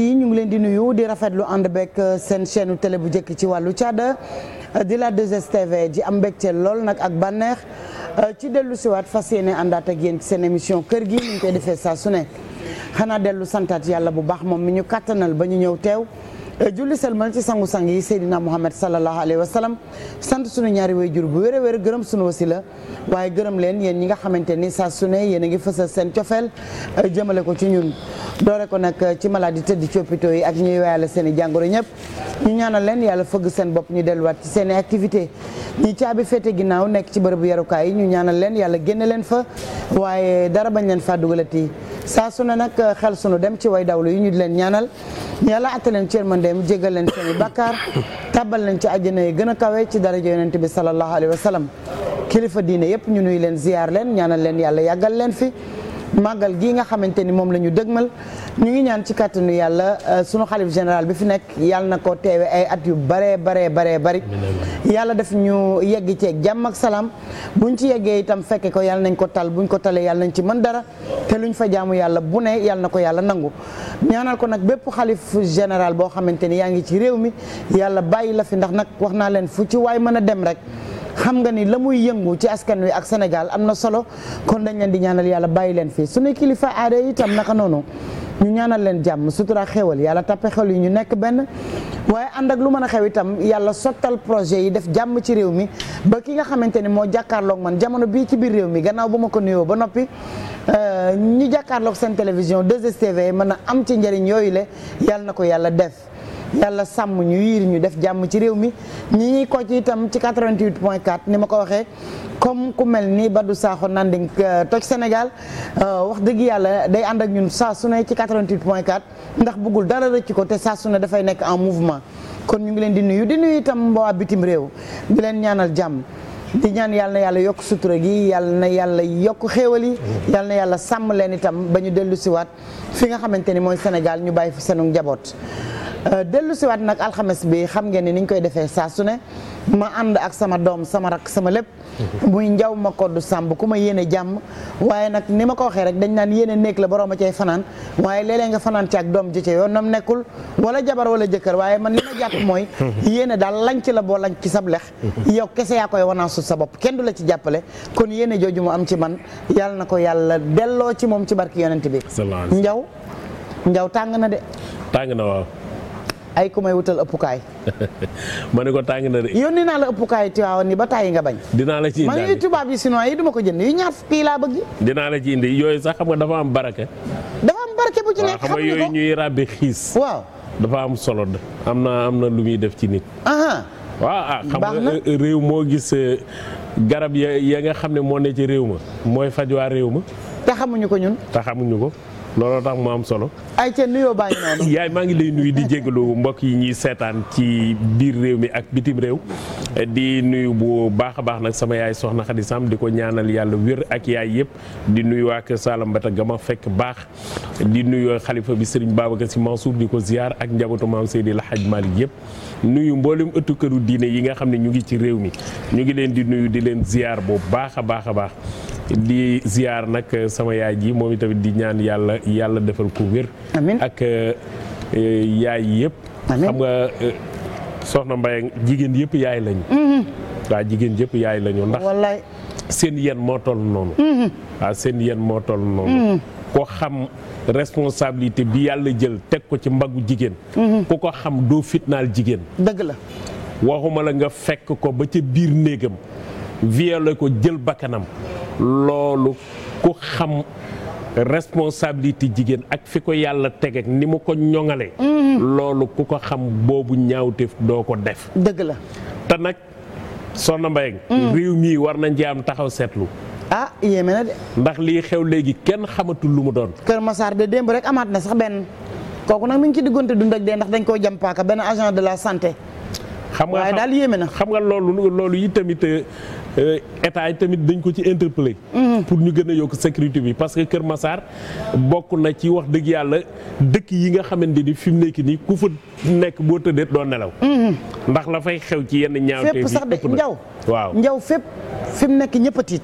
yi ñu ngi leen di nuyu di rafetlu ànd beeg euh, seen chaîne télé bu njëkk ci wàllu caada euh, di la 2STV di am mbégte lool nag ak bànneex euh, ci dellu siwaat fas yéene àndaat ak seen émission kër gi ñu koy defee saa su ne xanaa dellu santaat yàlla bu baax moom mi ñu kàttanal ba ñu ñëw teew. Eh, julli selmal ci sangu sang yi Seydina Muhammad sallallahu alayhi wa sallam sant sunu ñaari waajur bu wér a wér gërëm sunu wasila waaye gërëm leen yéen ñi nga xamante ni saa su yéen ngi fësal seen cofeel eh, jëmale ko ci ñun doore ko nag eh, ci maladie tëdd ci hôpitaux yi ak ñuy wayale seen i jàngoro ñëpp ñu ñaanal leen yàlla fëgg seen bopp ñu delluwaat ci seen i activité ñi caabi féete ginnaaw nekk ci bërëbu yarukaay yi ñu ñaanal leen yàlla génne leen fa waaye dara bañ leen fa dugalati saa su ne nag xel sunu dem ci way dawlu yi ñu leen ñaanal yàlla attaleen cërmande yërmandeem jégal leen seen i bakkaar leen ci àjjana yi gën a kawe ci daraja yonent bi sallallahu alayhi wa sallam kilifa diine yëpp ñu nuy leen ziyaar leen ñaanal leen yàlla yàggal leen fi màggal gii nga xamante ni moom la ñu dëgmal ñu ngi ñaan ci kàttanu yàlla euh, sunu xalif général bi fi nekk yàlla na ko teewe ay at yu baree baree baree bari yàlla def ñu yegg ceeg jàmm ak salaam buñ ci yeggee itam fekkee ko yàlla nañ ko tal buñ ko talee yàlla nañ ci mën dara te luñ fa jàmm yàlla bu ne yàlla na ko yàlla nangu ñaanal ko nag bépp xalif général boo xamante ni yaa ngi ci réew mi yàlla bàyyi la fi ndax nag wax naa leen fu ci waay mën a dem rek xam nga ni la muy yëngu ci askan wi ak Sénégal am na solo kon dañ leen di ñaanal yàlla bàyyi leen fii suñu kilifa aada itam naka noonu ñu ñaanal leen jàmm sutura xewal yàlla tappe xel yi ñu nekk benn waaye ànd ak lu mën a xew itam yàlla sottal projet yi def jàmm ci réew mi ba ki nga xamante ni moo jàkkaarloog man jamono bii ci biir réew mi gannaaw ba ma ko nuyoo ba noppi euh, ñu jàkkaarloog seen télévision 2STV mën a am ci njëriñ yàlla na ko yàlla def yàlla sàmm ñu yiir ñu def jàmm ci réew mi ñi ñuy ko ci itam ci 88 point 4 ni ma ko waxee comme ku mel ni Badou Sakho Nanding euh, toj Sénégal euh, wax dëgg yàlla day ànd ak ñun saa su ne ci 88 point 4 ndax bëggul dara rëcc ko te saa su ne dafay nekk en mouvement kon ñu ngi leen di nuyu di nuyu itam mbaa bitim réew di leen ñaanal jàmm di ñaan yàlla yàlla yokk sutura gi yàlla na yàlla yokk xéewal yi yàlla na yàlla sàmm leen itam ba ñu dellu siwaat fi nga xamante ni mooy Sénégal ñu bàyyi fi seenu njaboot Euh, dellu siwaat nag alxames bi xam ngeen ne ni koy defee saa su ne ma ànd ak sama doom sama rak sama lépp muy njaw ma koddu sàmb ku ma yéene jàmm waaye nag ni ma ko waxee rek dañ naan yéene néeg la borom a cay fanaan waaye léeg nga fanaan ci ak doom ji ca yoon nam nekkul wala jabar wala jëkkër waaye man li ma jàpp mooy yéene daal lanc la boo lanc ci sab lex yow kese yaa koy wanaasu sa bopp kenn du la ci jàppale kon yéene jooju mu am ci man yàlla na ko yàlla delloo ci moom ci barki yonent bi njaw njaw tàng na de tàng na waaw ay ku may wutal ëppukaay. ma ne ko tàng na de. yónni naa la ëppukaay Tiwaawan ni ba tàyyi nga bañ. dinaa la ci man yu tubaab yi sinon yi du ko jënd yu ñaar fukki laa bëgg. dinaa la ci indi yooyu sax xam nga dafa am baraka. dafa am baraka bu ci xam nga yooyu ñuy ràbbi xiis. waaw dafa am solo am na am na lu muy def ci nit. waaw ah xam nga eh, eh, réew moo gis eh, garab ya ya nga xam ne moo ne ci réew ma mooy faj waa réew ma. te xamuñu ko ñun. te xamuñu ko. looloo tax mu am solo. ay ca nuyoo baa yaay maa ngi lay nuyu di jégalu mbokk yi ñuy seetaan ci biir réew mi ak bitim réew. di nuyu bu baax a baax nag sama yaay soxna Xadi Sam di ko ñaanal yàlla wér ak yaay yëpp di nuyu waa Kër Saalum Bata Gama fekk baax. di nuyu xalifa bi Serigne Babacar Sy Mansour di ko ziar ak njabootu maam Seydi xaj Hadj Malick yëpp. nuyu mboolem ëttu këru diine yi nga xam ne ñu ngi ci réew mi ñu ngi leen di nuyu di leen ziar bu baax a baax baax. di ziar nag euh, sama yaay ji moom itamit di ñaan yàlla yàlla defal ko wér. amiin ak euh, euh, yaay yëpp. xam nga soxna Mbaye jigéen yëpp yaay lañu. Mhm. waa jigéen yëpp yaay lañu ndax. seen yéen moo toll noonu. Mhm. waaw seen yéen moo toll noonu. Mhm. ko xam responsabilité bi yàlla jël teg ko ci mbagu jigéen. ku ko xam doo fitnaal jigéen. dëgg la. waxuma la nga fekk ko ba ca biir néegam violé ko jël bakkanam loolu ku xam responsabilité jigéen ak fi ko yàlla teg ak ni mu ko ñoŋale. Mm-hmm. loolu ku ko xam boobu ñaawteef doo ko def. dëgg la te nag soxna Mbaye. Mm. réew mii war nañ ci am taxaw seetlu. ah yéeme na de. ndax lii xew léegi kenn xamatul lu mu doon. Kër Massar de démb rek amaat na sax benn kooku nag mi ngi ci diggante dund ak dee ndax dañ koo jam paaka benn agent de la santé. xam nga daal yéeme na xam nga loolu loolu yi tamit euh, état yi tamit dañ ko ci interpellé. Mhm. pour ñu gën a yokk sécurité bi parce que Kër Massar bokk na ci wax dëgg yàlla dëkk yi nga xamante ni fi mu nekk nii ku fa nekk boo tëddee doo nelaw. Mhm. ndax la fay xew ci yenn ñaawte bi fépp sax de njaw waaw njaw fépp fi nekk ñëpp a tiit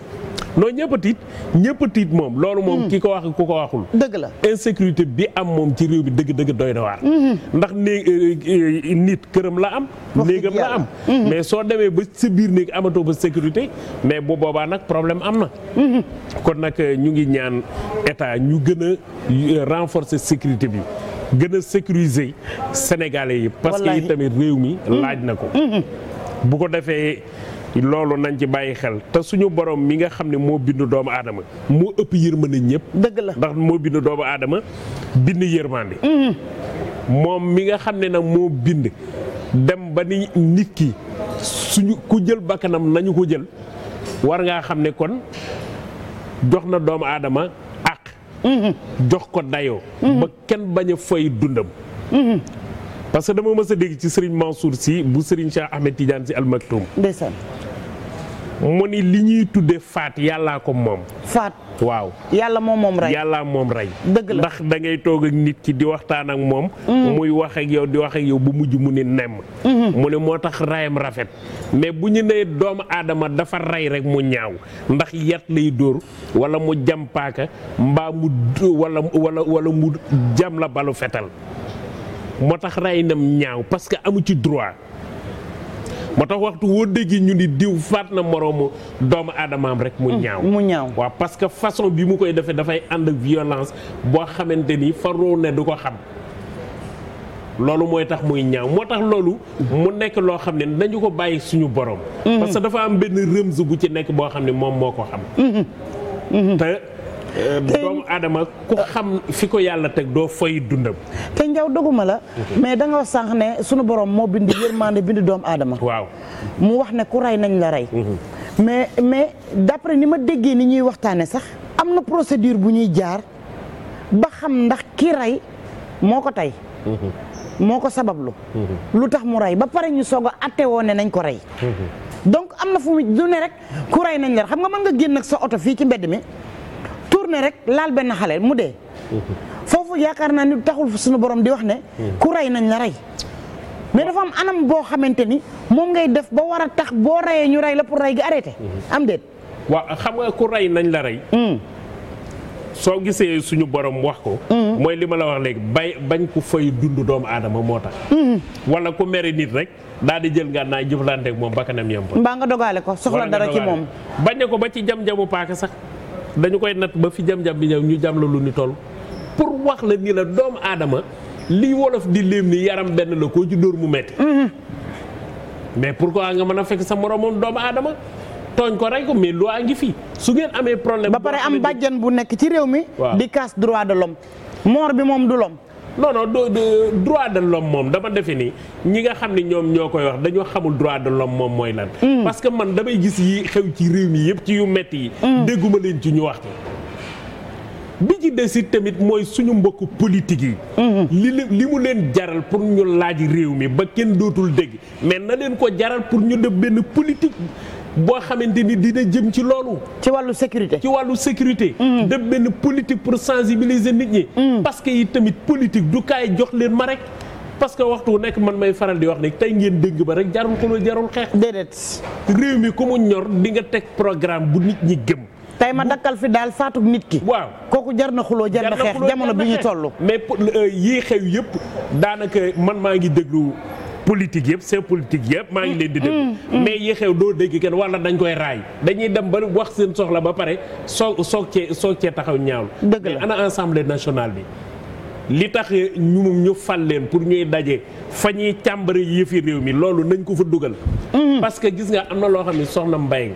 non ñëpp a tiit ñëpp a tiit moom loolu moom hmm. ki ko wax ku ko waxul dëgg la insécurité bi am moom ci réew bi dëgg dëgg doy na waar hmm. ndax néeg euh, euh, nit këram la am néegam la am hmm. mais soo demee ba sa biir néeg amatoo ba sécurité mais bu boobaa nag problème am na kon nag euh, ñu ngi ñaan état ñu gën a renforcer sécurité bi gën a sécuriser sénégalais yi parce que itamit réew mi laaj na ko bu ko defee loolu nañ ci bàyyi xel te suñu boroom mi nga xam ne moo bindu doomu aadama moo ëpp yërmande ñëpp. dëgg la ndax moo bindu doomu aadama bind yërmande. Mm-hmm. moom mi nga xam ne nag moo bind dem ba ni nit ki suñu ku jël bakkanam nañu ko jël war ngaa xam ne kon jox na doomu aadama àq. Mm-hmm. jox ko dayoo. Mm-hmm. ba kenn bañ a fay dundam. parce que dama mës a dégg ci Serigne Mansour si bu Serigne Cheikh Ahmed Tidiane si Almaktoum. ndeysaan. mu ni li ñuy tuddee faat yàllaa ko moom. faat waaw. yàlla moom moom rey yàllaa moom rey. dëgg la ndax da toog ak nit ki di waxtaan ak moom. Mm. muy wax ak yow di wax ak yow bu mujj mu ne nemm. Mm-hmm. mu ne moo tax rayam rafet. mais bu ñu nee doomu aadama dafa rey rek mu ñaaw ndax yat lay dóor wala mu jam paaka mbaa mu wala wala wala mu jam la balu fetal. moo tax rayinam ñaaw parce que amu ci droit moo tax waxtu woo dégg ñu ni diw faat na moroomu doomu aadamaam rek mu mm, ñaaw mu ñaaw waaw parce que façon bi mu koy defee dafay ànd ak violence boo xamante ni faroo ne du ko xam loolu mooy tax muy ñaaw moo tax loolu mu nekk loo xam ne nañu ko bàyyi suñu borom mm-hmm. parce dafa am benn rëmz bu ci nekk boo xam ne moom moo ko xam mm-hmm. Mm-hmm. Euh, doomu aadama ku euh. xam fi ko yàlla teg doo fay dundam. te njaw doguma la. Mhm. mais da nga wax sànq ne sunu boroom moo bind yërmande bind doomu aadama. waaw mu wax ne ku rey nañ la rey. Mhm. mais mais ni ma déggee ni ñuy waxtaane sax. am na procédure bu ñuy jaar ba xam ndax ki rey moo ko tey. Mhm. moo ko sabablu. lu tax mu rey ba pare ñu soog a atte woon ne nañ ko rey. donc am na fu mu du rek ku rey nañ la xam nga man nga génn ak sa oto fii ci mbedd mi. ne rek laal benn xale mu dee. foofu yaakaar naa ni taxul suñu borom di wax ne. ku rey nañ la rey. mais dafa am anam boo xamante ni moom ngay def ba war a tax boo reyee ñu rey la pour rey gi arrêté. am déet. waaw xam nga ku rey nañ la rey. Hmm. soo gisee suñu borom wax ko. Hmm. mooy li ma la wax léegi bay bañ ku fay dund doomu aadama moo tax. Hmm. wala ku mere nit rek daal di jël ngànnaay jëflante ak moom bakkanam yem. mbaa nga dogaale ko soxla dara ci moom. bañ ne ko ba ci jam jamu paaka dañu koy nat ba fi jam-jam bi ñëw ñu jam la lu ni toll pour wax la ni la doomu aadama li wolof di léem ni yaram benn la koo ci dóor mu metti mhm. mais pour pourquoi nga mën a fekk sa moroomam doomu aadama tooñ ko rek ko lu waa ngi fi su ngeen amee problème. ba pare am bàjjan bu nekk ci réew mi. di casse droit de l'homme mort bi moom du l'homme non non droit de l'homme moom dama defe ni ñi nga xam ne ñoom ñoo koy wax dañoo xamul droit de l'homme moom mooy lan. Mm. parce que man damay gis yi xew ci réew mi yëpp ci yu metti yi. Mm. dégguma leen ci ñu wax bi ci desit tamit mooy suñu mbokk politique yi. Mm-hmm. li li mu leen jaral pour ñu laaj réew mi ba kenn dootul dégg mais na leen ko jaral pour ñu def benn politique. boo xamante ni dina jëm ci loolu. ci wàllu sécurité ci wàllu sécurité. Mm-hmm. dem benn politique pour sensibiliser nit ñi. Mm-hmm. parce que yi tamit politique du kaay jox leen ma rek. parce que waxtu nekk man may faral di wax ne tey ngeen dégg ba rek jarul xuloo jarul xeex. déedéet. réew mi ku mu ñor di nga teg programme bu nit ñi gëm. tey ma dakkal fi daal faatug nit ki. waaw kooku jar na xuloo jar na xeex jamono bi ñu toll. mais euh, yii xew yëpp daanaka man maa ngi déglu. politique yëpp seen politique yëpp maa ngi leen di déglu. Mm, mm, mm. mais yi xew doo dégg kenn wala dañ koy raay dañuy dem ba wax seen soxla ba pare soog soog cee taxaw ñaawlu. dëgg la ana assemblée nationale bi. li tax ñu ñu fal leen pour ñuy daje fa ñuy càmbare yëfi réew mi loolu nañ ko fa dugal. parce que gis nga am na loo xam ne soxla mbay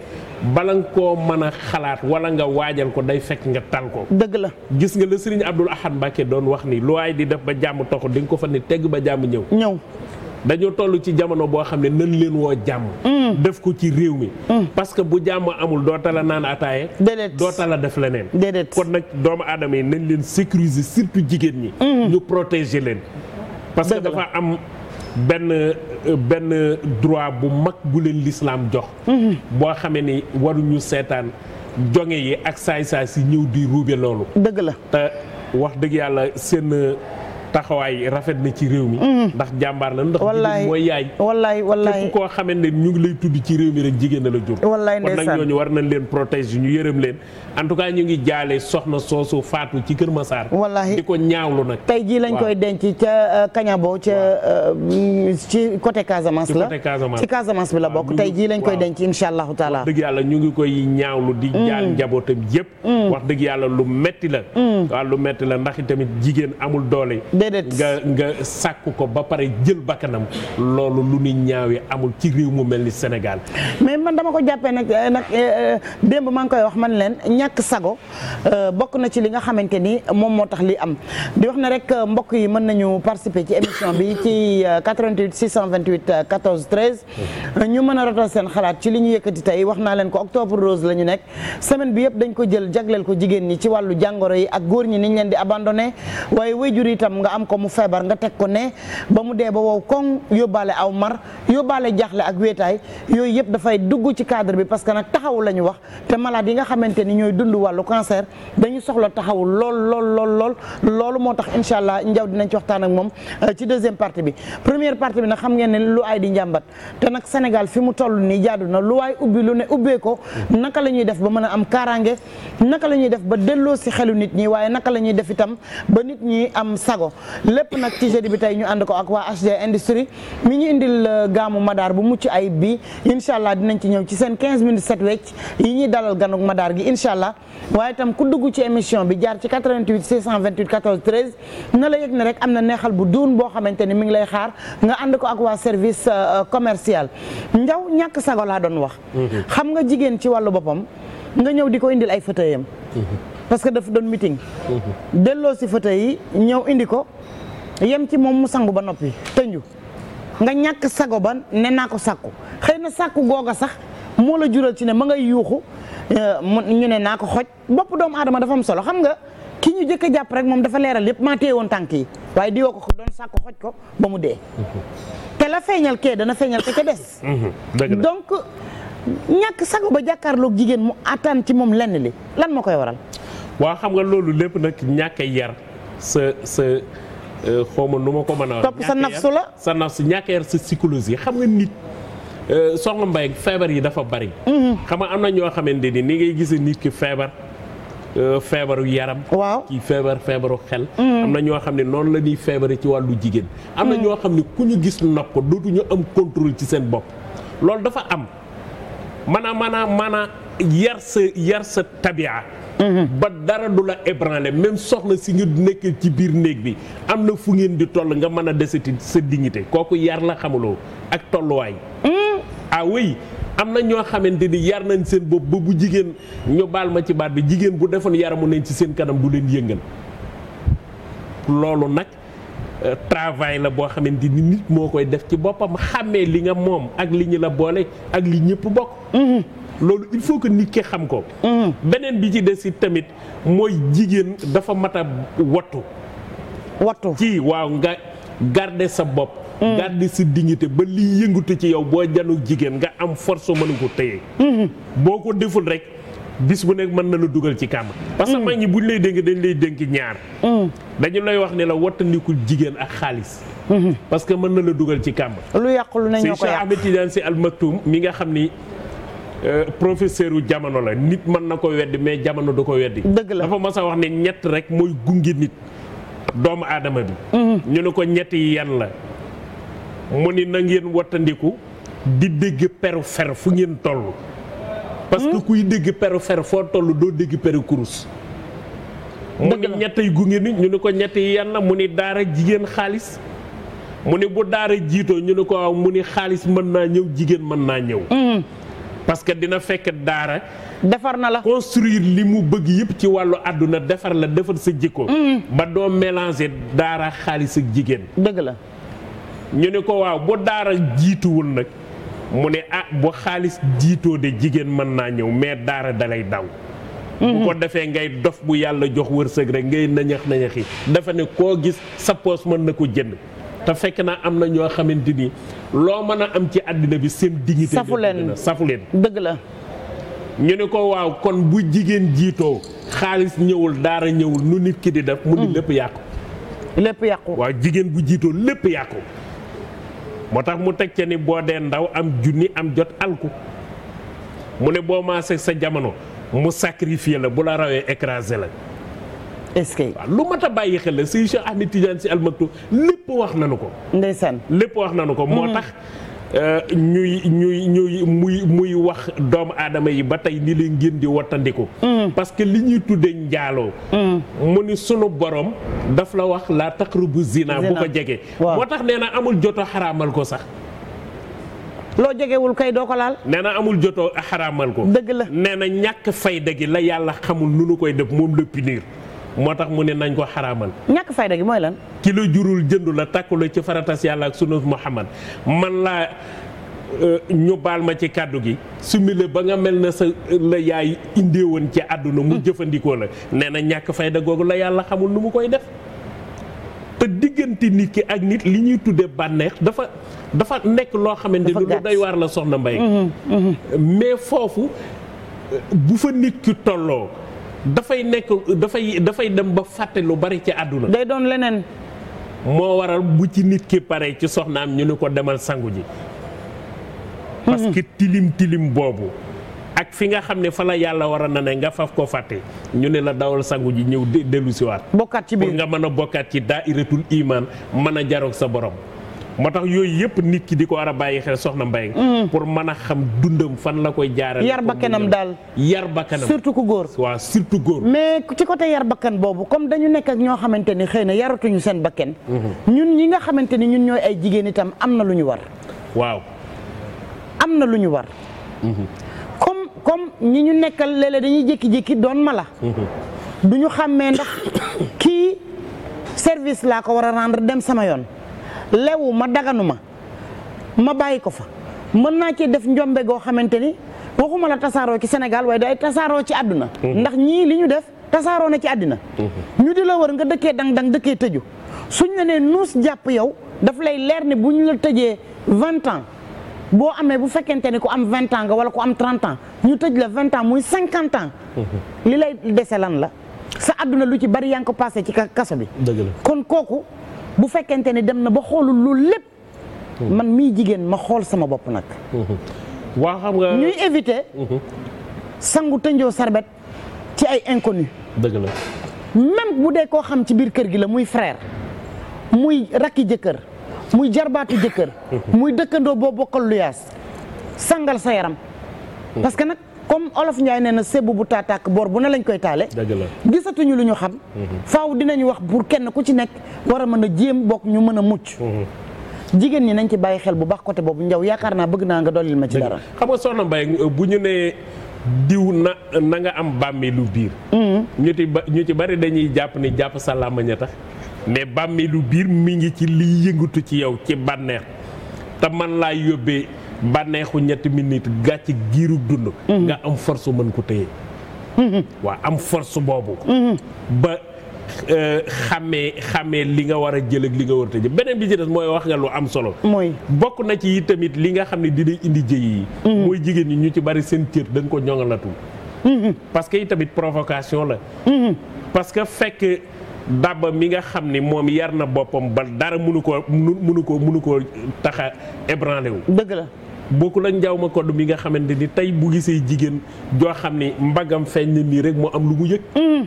bala nga koo mën a xalaat wala nga waajal ko day fekk nga tal ko. dëgg la gis nga la Serigne Abdoul Ahad Mbacké doon wax ni lu waay di def ba jàmm toxu di ko fa ne tegg ba jàmm ñëw. ñëw dañoo toll ci jamono boo xam ne nan leen woo jàmm. Mm. def ko ci réew mi. Mm. parce que bu jàmm amul doo tala naan ataaye. déedéet doo tala def leneen. déedéet kon nag doomu aadama yi nañ leen sécuriser surtout jigéen ñi. Mm. ñu protéger leen. parce que dafa am benn euh, benn droit bu mag bu leen lislaam jox. Mm-hmm. boo xamee ni waruñu seetaan jonge yi ak saay saay si ñëw di ruube loolu. dëgg la te wax dëgg yàlla seen. Euh, taxawaay rafet na ci réew mi. Mhm. ndax jàmbaar la ndax. wallaay mooy yaay. wallaay wallaay koo xamante ñu ngi lay tudd ci réew mi rek jigéen na la jur. wallaay ndeysaan kon nag ñooñu war nañ leen protéger ñu yërëm leen en tout cas ñu ngi jaale soxna soosu faatu ci Kër Massar. wallaay di ko ñaawlu nag. tey jii lañ koy denc ca euh, Kañabo ca euh, la. ci Casamance bi la bokk tey jii lañ koy denc incha allahu taala. wax dëgg ñaawlu di. Mm. jaal njabootam yëpp. Mm. wax dëgg yàlla lu metti la. Mm. waaw lu metti la ndax tamit jigéen amul doole déedéet nga nga sàkku ko ba pare jël bakkanam loolu lu ni ñaawee amul ci réew mu mel ni Sénégal. mais man dama ko jàppee nag eh, nag eh, eh, démb maa ngi koy wax man leen ñàkk sago euh, bokk na ci li nga xamante ni moom moo tax li am di wax na rek euh, mbokk yi mën nañu participer ci émission bi ci 88 628 14 13. ñu mën a rotal seen xalaat ci li ñu yëkkati tey wax naa leen ko octobre rose la ñu nekk semaine bi yëpp dañ ko jël jagleel ko jigéen ñi ci wàllu jàngoro yi ak góor ñi niñ leen di abandonné waaye am ko mu feebar nga teg ko ne ba mu dee ba wow kon yóbbaale aw mar yóbbaale jaaxle ak wéetaay yooyu yëpp dafay dugg ci cadre bi parce que nag taxawu la ñu wax te malade yi nga xamante ni ñooy dund wàllu cancer dañu soxla taxawu lool lool lool loolu moo tax incha allah njaw dinañ ci waxtaan ak moom euh, ci deuxième partie bi première partie bi na xam ngeen ne lu ay di njàmbat te nag Sénégal fi mu toll nii jaadu na lu waay ubbi lu ne ubbee ko naka la ñuy def ba mën a am kaaraange naka la ñuy def ba delloo si xelu nit ñi waaye naka la ñuy def itam ba nit ñi am sago lépp nag ci jeudi bi tey ñu ànd ko ak waa HD industrie mi ñu indil euh, gaamu madaar bu mucc ay bi incha allah dinañ ci ñëw ci seen 15 minutes set wecc yi ñuy dalal ganuk madaar gi incha allah waaye itam ku dugg ci émission bi jaar ci 88 628 14 13 na la yëg ne rek am na neexal bu duun boo xamante ni mu ngi lay xaar nga ànd ko ak waa service euh, euh, commercial njaw ñàkk sago laa doon wax mhm. xam nga jigéen ci wàllu boppam nga ñëw di ko indil ay fauteuil parce que dafa doon meeting. delloo si fa tey ñëw indi ko yem ci moom mu sangu ba noppi tënju nga ñàkk sago ba ne naa ko sàkku xëy na sàkku googa sax moo la jural ci ne ma ngay yuuxu eh, ñu ne naa ko xoj bopp doomu aadama dafa am solo xam nga ki ñu jëkk a jàpp rek moom dafa leeral yëpp maa téye woon tànk yi waaye di woo ko doon sàkku xoj ko ba mu dee. te la feeñal kee dana feeñal ke ca des. donc ñàkk sago ba jàkkaarloog jigéen mu attaan ci moom lenn li lan moo koy waral. waaw xam nga loolu lépp nag ñàkk yar sa sa euh, xaw nu ma ko mën a. topp sa nafsu la sa nafsu ñàkk yar sa psychologie xam nga nit. Euh, soxna mbay feebar yi dafa bari. Mm-hmm. xam nga am na ñoo xamante ni ni ngay gisee nit ki feebar. Euh, feebaru yaram. waaw kii feebar feebaru xel. Mm-hmm. ñoo xam ne noonu la ñuy feebare ci wàllu jigéen. am na mm-hmm. ñoo xam ne ku ñu gis nopp ko dootuñu am contrôle ci seen bopp. loolu dafa am a maanaam a yar sa yar sa tabia Mm-hmm. ba dara du la ébranlé même soxna si nga nekk ci biir néeg bi am na fu ngeen di toll nga mën a deseti sa dignité kooku yar la xamuloo ak tolluwaay. Mm-hmm. ah am na ñoo xamante ni yar nañ seen bopp ba bu jigéen ñu baal ma ci baat bi jigéen bu defoon yaramu nañ ci seen kanam bu leen yëngal loolu nag. Euh, travail la boo xamante ni nit moo koy def ci boppam xàmmee li nga moom ak li ñu la boole ak li ñëpp bokk. Mm-hmm. loolu il faut que nit ki xam ko. Mm. beneen bi ci des it tamit mooy jigéen dafa mat a wattu. wattu ci waaw nga garder sa bopp. Mm. garder sa dignité ba liy yëngatu ci yow boo janu jigéen nga am force mënu ko téye. Mm-hmm. boo ko deful rek bis bu nekk mën na la dugal ci kàmm. parce que mm. mag ñi buñ lay dénk dañ lay dénk ñaar. dañu lay wax ne la wattandikul jigéen ak xaalis. Mm-hmm. parce que mën na la dugal ci kàmm. lu yàqu lu ko yàq Cheikh Ahmed Tidiane Sy Al mi nga xam ni. Euh, professeur wu jamono la nit mën na ko wedd mais jamono du ko weddi. dëgg la dafa ma sa wax ne ñett rek mooy gunge nit doomu aadama bi. Mhm. ñu ne ko ñett yi yan la. mu na ngeen wattandiku di dégg peru fer fu ngeen toll. parce que mhm. kuy dégg peru fer foo toll doo dégg peru kurus. mu ñett yi gunge ñu ne ko ñett yan la mu ni daara jigéen xaalis. mu ne bu daara jiitoo ñu ne ko waaw mu ni xaalis mën naa ñëw jigéen mën naa ñëw. Mhm. parce que dina fekk daara. defar na la construire li mu bëgg yëpp ci wàllu àdduna defar la defar sa jikko. Mm-hmm. ba doo mélanger daara xaalis ak jigéen. dëgg la. ñu ne ko waaw bu daara jiituwul nag mu ne ah bu xaalis jiitoo de jigéen mën naa ñëw mais daara dalay daw. Mm-hmm. bu ko defee ngay dof bu yàlla jox wërsëg rek ngay nañax nañaxi dafa ne koo gis sa poos mën na ko jënd. te fekk na am na ñoo xamante ni loo mën a am ci àddina bi seen dignité safu leen safu leen dëgg la ñu ne ko waaw kon bu jigéen jiitoo xaalis ñëwul daara ñëwul nu nit ki di def mu ni mm. lépp yàqu lépp yàqu waaw jigéen bu jiitoo lépp yàqu moo tax mu teg ca ni boo dee ndaw am junni am jot alku mu ne boo maasee sa jamono mu sacrifier la bu la rawee écrasé la est-ce lu mat a bàyyi xel la si Cheikh Ahmed si almaktu lépp wax nanu ko. ndeysaan lépp wax nanu ko moo mhm. tax. Euh, ñuy ñuy ñuy muy muy wax doomu aadama yi ba tey ni leen ngeen di wottandiku mhm. parce que li ñuy tudde njaaloo mhm. mu ni sunu borom daf la wax laa taqrubu zina bu ko jege moo tax nee na amul joto xaraamal ko sax loo jegewul kay doo ko laal nee na amul joto xaraamal ko dëgg la nee na ñàkk fayda gi la yàlla xamul nu nu koy def moom la punir moo tax mu ne nañ ko xaraamal. ñàkk fayda gi mooy lan. kilo jurul jëndu la takku ci faratas yàlla ak sunu muhammad man laa euh, ñu baal ma ci kàddu gi sumile ba nga mel na sa la yaay indee woon ci àdduna mu hmm. jëfandikoo la nee na ñàkk fayda googu la yàlla xamul nu mu koy def. te diggante nit ki ak nit li ñuy tuddee bànneex dafa dafa nekk loo xamante ni lu day waar la soxna Mbaye hmm, hmm, mais foofu euh, bu fa nit tolloo. dafay nekk dafay dafay dem ba fàtte lu bari ci àdduna. day doon leneen. moo waral bu ci nit ki pare ci soxnaam ñu ni ko demal sangu ji. parce tilim tilim boobu. ak fi nga xam ne fa la yàlla war a na ne nga faf ko fàtte ñu ne la dawal sangu ji ñëw dellu siwaat bokkaat ci biir pour nga mën a bokkaat ci daa'iratul imaan mën a jaroog sa borom moo tax yooyu yëpp nit ki di ko war a bàyyi xel soxna Mbaye. Mm-hmm. pour mën a xam dundam fan la koy jaaral yar bakkenam daal yar bakkanam surtout ku góor. waaw surtout góor. mais ci côté yar bakkan boobu comme dañu nekk ak ñoo xamante ni xëy na yaratuñu seen bakken mm-hmm. ñun ñi nga xamante ni ñun ñooy ay jigéen itam am na lu ñu war. waaw. am na lu ñu war. Mm-hmm. comme comme ñi ñu nekkal léeg dañuy jékki-jékki doon mala. du ñu xàmmee ndax kii service laa ko war a rendre dem sama yoon. lewu ma daganu ma ma bàyyi ko fa mën naa cee def njombe goo xamante ni waxuma la tasaaroo ci Sénégal waaye day tasaaroo ci àdduna mhm. ndax ñii li ñu def tasaaroo na ci àddina mhm. ñu di la wër nga dëkkee dang dang dëkkee tëju suñ la nee nuus jàpp yow daf lay leer ne bu ñu la tëjee vingt ans boo amee bu fekkente ni ku am vingt ans nga wala ku am trente ans ñu tëj la vingt ans muy cinquante ans mhm. li lay dese lan la sa àdduna lu ci bari yaa ngi ko passé ci kaso bi kon bu fekkente ne dem na ba xoolul loolu lépp. Hmm. man mii jigéen ma xool sama bopp nag. Hmm. waa xam nga ñuy éviter. Hmm. sangu tënjoo sarbet ci ay inconnu. dëgg la même bu dee koo xam ci biir kër gi la muy frère. muy rakki jëkkër. muy jarbaatu jëkkër. muy dëkkandoo boo bokkal luyaas. sangal sa yaram. parce nag. comme olof Ndiaye nee na sébu bu taataak boor bu ne lañ koy taale gisatuñu lu ñu xam mhm. faaw dinañu wax pour kenn ku ci nekk war a mën a jéem bokk ñu mën a mucc mhm. jigéen ñi nañ ci bàyyi xel bu baax côté boobu njaw yaakaar naa bëgg naa nga dollil ma ci dara xam nga soxna Mbaye bu ñu nee diw na na nga am bàmmeelu biir mhm. ñu ci ba ñu ci bari dañuy jàpp ni jàpp sàllaama ña tax mais bàmmeelu biir mi ngi ci liy yëngatu ci yow ci bànneex te man laa yóbbee bànneexu ñetti minute gàcc giiru dund mhm. nga am force mën ko téye mhm. waa am force boobu mhm. ba euh, xamee xamee li nga war a jël ak li nga war a tëjee beneen bi ci des mooy wax nga lu am solo. mooy bokk na ci tamit li nga xam ne dina indi jëy yi. mooy jigéen ñi ñu ci bari seen cër dañ ko ñoŋalatul. parce que tamit provocation la. parce que fekk daba mi nga xam ni moom yar na boppam ba dara mënu ko mënu ko mënu ko taxa a ébranlé bokkul ak njaw ma kodd mi nga xamante ni tey bu gisee jigéen joo xam ni mbagam feeñ na nii rek mu am lu mu yëg. Mm.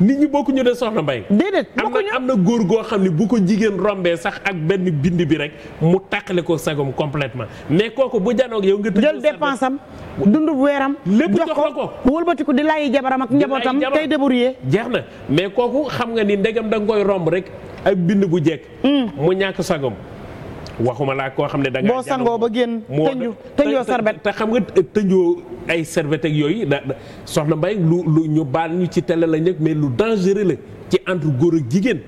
nit ñi bokk ñu de soxna mbay déedéet bokkuñu am na góor goo xam ne bu ko jigéen rombee sax ak benn bind bi rek mu tàqale ko sagom complètement mais kooku bu janoog yow nga. jël dépense am dundu weeram. lépp jox ko ko wëlbatiku di laayi jabaram ak njabootam tey débrouillé. jeex na mais kooku xam nga ni ndegam da koy romb rek ak bind bu jekk. Mm. mu ñàkk sagom. waxuma laa koo xam ne da nga boo sangoo ba génn tënju tënjoo sarbet te xam nga tënjoo ay sarbet ak yooyu da soxna Mbaye lu lu ñu baal ñu ci télé la ñëg mais lu dangereux la ci entre góor ak jigéen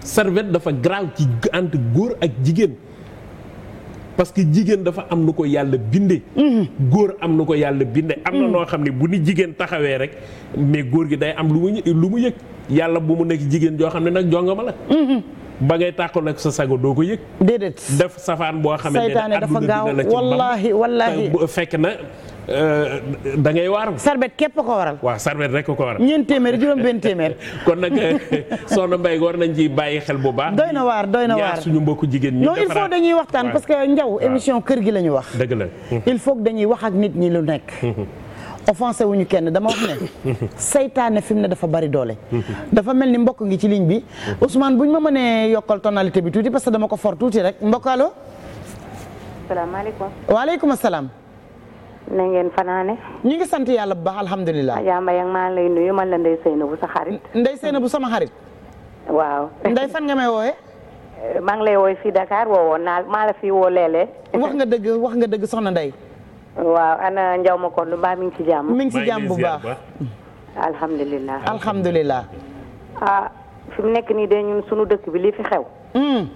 sarbet dafa grave ci entre góor ak jigéen parce que jigéen dafa am nu ko yàlla binde mhm. góor am na ko yàlla bindee am na mhm. noo xam ne bu ni jigéen taxawee rek mais góor gi day am lu mu lu mu yëg yàlla bu mu nekk jigéen joo xam ne nag jongama la mhm. ba ngay tàqal ak sa sago doo ko yëg. déedéet def safaan boo xamante ne dafa gaaw wallaahi wallaahi bu fekk na euh, da ngay waaru. sarbet képp ko waral. waaw sarbet rek ko waral. ñeent téeméer juróom benn téeméer. kon nag euh, soxna Mbaye war nañ ci bàyyi xel bu baax. doy na waar doy na waar suñu mbokku jigéen ñi. non il waxtaan parce que njaw émission kër gi la wax. dëgg la il faut dañuy wax nit ñi lu nekk. offensé wu ñu kenn dama wax ne saytaane fi mu ne dafa bari doole dafa mel ni mbokk ngi ci ligne bi Ousmane bu ñu ma mënee yokkal tonalité bi tuuti parce que dama ko for tuuti rek mbokk allo salaamaaleykum salaam na ngeen fanaane ñu ngi sant yàlla bu baax alhamdulilah Adja Mbaye maa ngi lay nuyu man la Ndeye Seynabou sa xarit Ndeye Seynabou sama xarit waaw Ndeye nga may woowe maa ngi lay wooy fii Dakar woowoon naa maa la fii woo léeg wax nga dëgg wax nga dëgg soxna Ndeye waaw ana Ndiaw Makondo mbaa mi ngi ci jàmm. mi ngi ci jàmm bu baax alhamdulilah. alhamdulilah. ah fi nekk nii de suñu dëkk bi li fi xew. Hmm.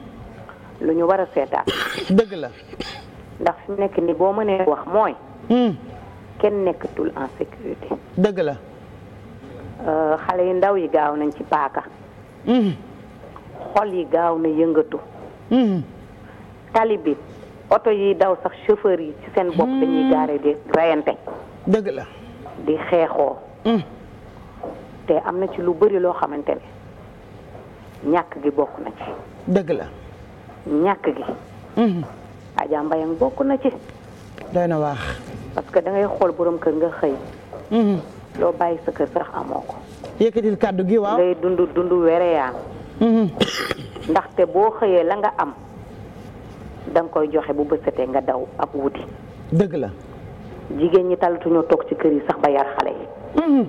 lu ñu war a seetaan. dëgg la. ndax fi mu nekk nii boo mënee wax mooy. Hmm. kenn nekkatul en sécurité. dëgg la. Euh, xale yu ndaw yi gaaw nañ ci paaka. Hmm. xol yi gaaw na yëngatu. tali bi oto yi daw sax chauffeur yi ci seen bopp dañuy hmm. gaare di reyante dëgg la di xeexoo hmm. te am na ci lu bëri loo xamante ne ñàkk gi bokk na ci dëgg la ñàkk gi hmm. Adja Mbayang bokk na ci doy na waax parce que da xool borom kër nga xëy loo bàyyi sa kër sax amoo ko yëkkatil kàddu gi waaw ngay dund dund wereyaan ndaxte boo xëyee la nga am da nga koy joxe bu bësatee nga daw ak wuti. dëgg la. jigéen ñi talatuñoo toog ci kër yi sax ba yar xale yi. Mhm.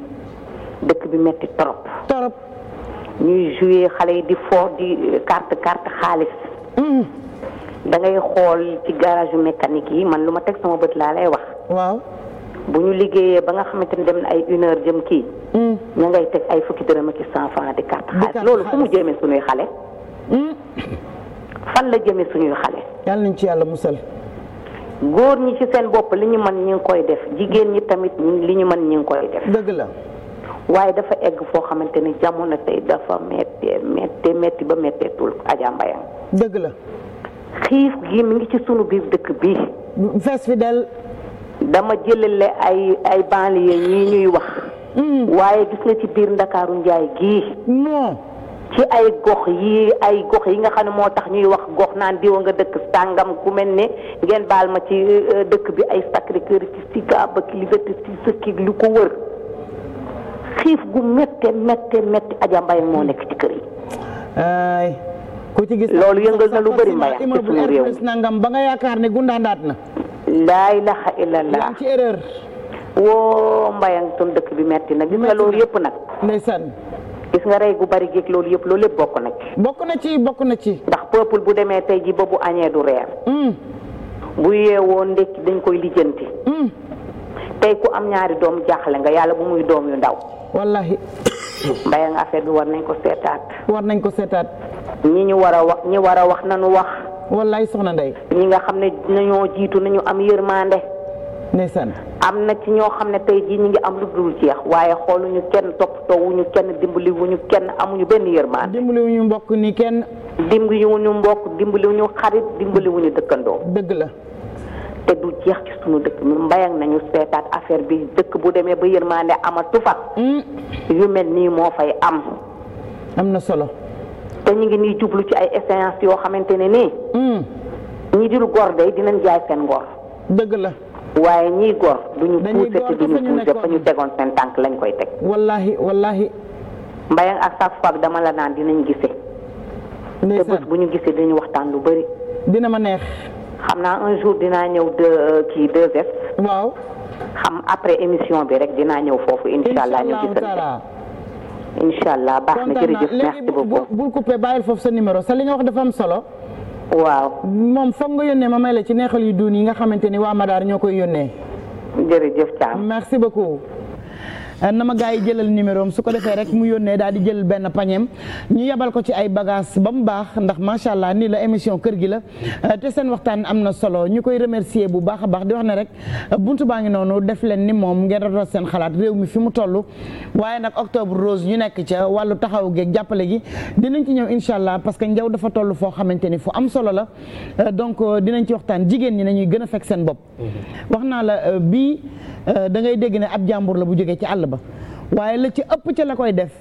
dëkk bi metti torop. torop. ñuy jouer xale yi di fo di euh, carte carte xaalis. Mhm. da ngay xool ci garage yu mécanique yi man lu ma teg sama bët laa lay wax. waaw. bu ñu liggéeyee ba nga xamante ni dem ay une jëm kii. Mhm. ña ngay teg ay fukki dërëm ak i cent franc di carte xaalis. loolu fu mu jëmee sunuy xale. fan la jëme suñuy xale. yàlla nañ ci yàlla musal. góor ñi ci seen bopp li ñu mën ñu koy def jigéen ñi tamit li ñu mën ñu ngi koy def. dëgg la. waaye dafa egg foo xamante ni jamono tey dafa méttee méttee métti ba métteetul Adja Mbayang. dëgg la. xiif gi mi ngi ci sunu biir dëkk bi. fees fi del. dama jëlale ay ay banlieue ñii ñuy wax. Mm. waaye gis nga ci biir Ndakaaru Njaay gii. ci ay gox yi ay gox yi nga xam ne moo tax ñuy wax gox naan diwa nga dëkk sàngam ku mel ni ngeen baal ma ci euh, euh, dëkk bi ay Sacré-Cœur ci Sicap ak Liberté ci sëkki lu ko wër xiif gu métte métte métti Adja Mbaye moo nekk ci kër yi. ci gis loolu yëngal na lu bari mbay ci suñu réew nangam ba nga yaakaar ne gundaandaat na. laa ilaha illallah ci erreur. woo mbayang sun dëkk bi metti nag gis nga loolu yëpp nag. ndeysaan. gis nga rey gu bari géeg loolu yëpp loolu yëpp bokk na ci. bokk na ci bokk na ci. ndax peuple bu demee tey ji ba bu añee du reer. Mm. bu yeewoo ndekki dañ koy lijjanti. Mm. tey ku am ñaari doom jaaxle nga yàlla bu muy doom yu ndaw. wallahi mbay nga affaire bi war nañ ko seetaat. war nañ ko seetaat. ñi ñu war a wax ñi war a wax nañu wax. wallahi soxna Ndeye. ñi nga xam ne nañoo jiitu nañu am yërmande. ndeysaan am na ci ñoo xam ne tey jii ñu ngi am lu dul jeex waaye xooluñu kenn toppatoo ñu kenn dimbali kenn amuñu benn yërmaan dimbali wuñu mbokk ni kenn dimbali wuñu mbokk dimbali wuñu xarit dimbaliwuñu dëkkandoo dëgg la te du jeex ci suñu dëkk mi mbayang nañu seetaat affaire bi dëkk bu demee ba yërmaande amatu fa hmm. yu mel nii moo fay am am na solo te ñu ngi nii jublu ci ay échéances yoo xamante ne nii hmm. ñi dul gor day dinañ jaay seen ngor dëgg la waaye ñiy gor duñu ñu te fa ñu tegoon ten tànk lañ koy teg wallahi wallahi mbayang ak sax faak dama la naan dinañ gise te bu ñu gisee dinañ waxtaan lu bari dina ma neex xam naa un jour dinaa ñëw de euh, kii deux heures waaw xam après émission bi rek dinaa ñëw foofu insha allah ñu gisal incha allah baax na jërëjëf merci beaucoup bul coupé bàyyil foofu sa numéro sa li nga wax dafa solo waaw moom foog nga yónnee ma may la ci neexal yu duun yi nga xamante ni waa Madaar ñoo koy yónnee. jërëjëf Thiam merci beaucoup. Eh, na ma gaa yi jëlal numéro am su ko defee rek mu yónnee daal di jël benn pañeem ñu yebal ko ci ay bagages ba mu baax ndax macha allah nii la émission kër gi la eh, te seen waxtaan am na solo ñu koy remercier bu baax a baax di wax ne rek eh, buntu baa ngi noonu def leen ni moom ngeen root seen xalaat réew mi fi mu toll waaye nag octobre rose ñu nekk ca wàllu taxaw geeg jàppale gi dinañ ci ñëw incha allah parce que njaw dafa toll foo xamante ni fu am solo la donc dinañ ci waxtaan jigéen ñi nañuy gën a fekk seen bopp mm-hmm. wax da ngay dégg ne ab jàmbur la bu jógee ci àll ba waaye la ci ëpp ca la koy def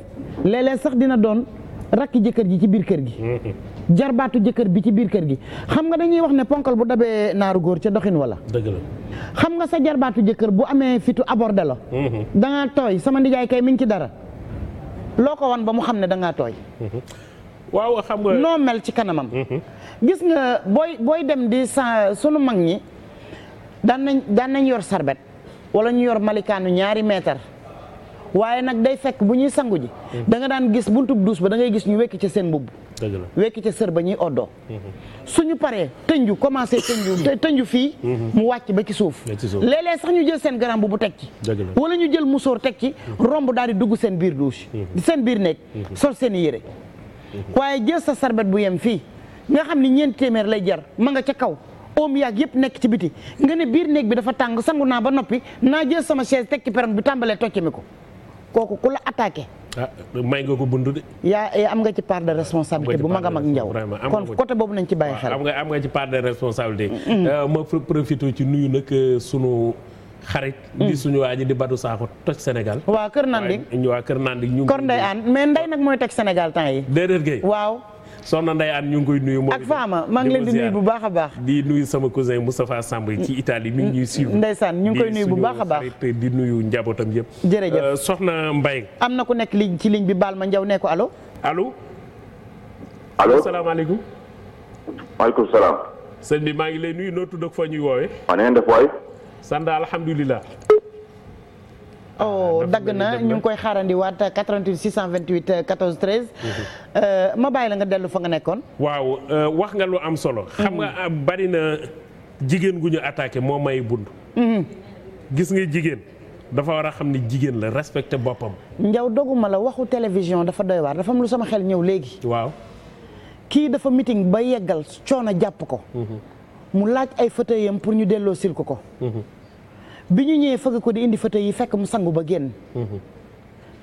léeg sax dina doon rakki jëkkër ji ci biir kër gi jarbaatu jëkkër bi ci biir kër gi xam nga dañuy wax ne ponkal bu dabee naaru góor ca doxin wala dëgg xam nga sa jarbaatu jëkkër bu amee fitu abordé la mm-hmm. dangaa tooy sama ndijaay kay mi ngi ci dara loo ko wan ba mu xam ne dangaa tooy mm-hmm. xam nga noo mel ci kanamam mm-hmm. gis nga booy booy dem di sa sunu mag ñi daan nañ daan nañ yor sarbet wala ñu yor malikaanu ñaari meetar waaye nag day fekk bu ñuy sangu ji mm-hmm. da nga daan gis buntub duus ba da ngay gis ñu wekki ca seen mbubb wekki ca sër ba ñuy oddoo mm-hmm. suñu paree tënju commencé tënju tënju fii mm-hmm. mu wàcc ba ci suuf léeg-léeg sax ñu jël seen garam bu teg ci wala ñu jël musóor teg ci romb daa di dugg seen biir douche seen biir nekk sol seen yére waaye jël sa sarbet bu yem fii nga xam ni ñeenti téeméer lay jar ma nga ca kaw oom yàgg yëpp nekk ci biti nga ne biir néeg bi dafa tàng sangu naa ba noppi naa jël sama chaise teg ci tàmbalee tocc ko kooku ku la attaqué. Ah, may nga ko buntu de. yaa eh, am nga ci part de responsabilité bu mag a mag njaw kon côté boobu nañ ci bàyyi xel. am nga ci part de responsabilité. Mm, mm. Euh, ma profité ci nuyu nag euh, sunu xarit. Mm. di suñu waa di Badou Sakho toj Sénégal. waa Kër Nandi waa Kër Nandi ñu. Kër Ndeye Anne mais Ndeye nag mooy toj Sénégal temps yi. déedéet kay waaw. soxna Ndeye Anne ñu ngi koy nuyu. ak Fama maa ngi leen di nuyu bu baax a baax. di nuyu sama cousin Moustapha Samb ci Italie mi ngi ñuy suivre. saan ñu ngi koy nuyu bu baax a baax di nuyu njabootam yëpp. jërëjëf euh, soxna Mbaye. am na ku nekk lii ci ligne bi baal ma njaw ne alo alo alo allo salaamaaleykum. maaleykum maa ngi lay nuyu noo tudd ak fa ñuy woowee. oh ah, dagg na ñu ngi koy xaarandiwaat 88 628 14 13. ma bàyyi la nga dellu fa nga nekkoon. waaw euh, wax nga lu am solo. xam nga mm. euh, bari na jigéen gu ñu attaqué moo may bund. Mm-hmm. gis nga jigéen. dafa war a xam ne jigéen la respecté boppam. njaw doguma la waxu télévision dafa doy waar dafa am lu sama xel ñëw léegi. waaw kii dafa meeting ba yeggal coono jàpp ko. Mm-hmm. mu laaj ay fauteuil am pour ñu delloo sil ko ko. Mm-hmm. bi ñu ñëwee fëgg ko di indi fauteuil yi fekk mu sangu ba génn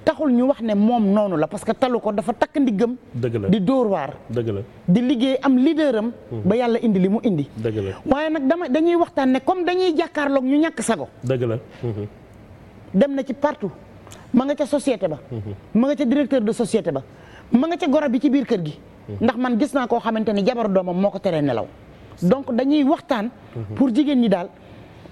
taxul ñu wax ne moom noonu la parce que talu ko dafa takk ndiggam di dóor waar dëgg la di liggéey am leader am mhm. ba yàlla indi li mu indi dëgg waaye nag dama dañuy waxtaan ne comme dañuy jàkkaarloog ñu ñàkk sago dëgg la mhm. dem na ci partout ma nga ca société ba mu mhm. nga ca directeur de societé ba ma nga ca goro bi ci biir kër gi ndax man gis naa koo xamante ni jabaru doomam moo ko teree nelaw donc dañuy waxtaan pour jigéen ñi daal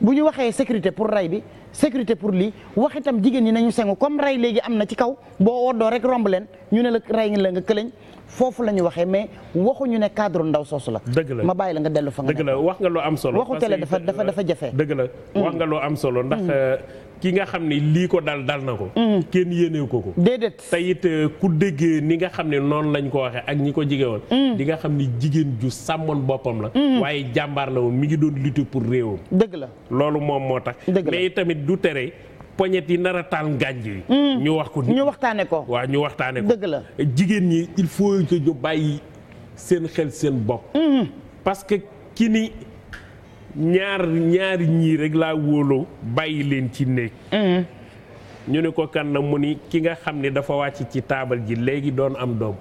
bu ñu waxee sécurité pour rey bi sécurité pour lii wax itam jigéen ñi nañu sengu comme rey léegi am na ci kaw boo woddoo rek romb leen ñu ne la rey nga la nga këlañ foofu la ñu waxee mais waxuñu ne cadre ndaw soosu la. dëgg la ma bàyyi la nga dellu fa nga. dëgg la wax nga loo am solo. waxu télé dafa dafa dafa jafe. dëgg la wax loo am solo ndax. Mm. Euh, ki nga xam ne lii ko dal dal na ko. Mm. kenn yéene ko ko. déedéet te it euh, ku déggee ni nga xam ne noonu lañ ko waxee ak ñi ko jige woon. Mm. di nga xam ne jigéen ju sàmmoon boppam la. Mm. waaye jàmbaar la mi ngi doon lutter pour réewam. dëgg la loolu moom moo tax. dëgg la mais du tere. poñet yi nar a taal ngànj yi. ñu wax ko ñu waxtaane ko. waaw ñu waxtaane dëgg la. jigéen ñi il faut que ñu bàyyi seen xel seen bopp. parce ki ni. ñaar ñaari ñii rek laa wóoloo bàyyi leen ci néeg mm. ñu ne ko kan mu ni ki nga xam ne dafa wàcc ci taabal ji léegi doon am doom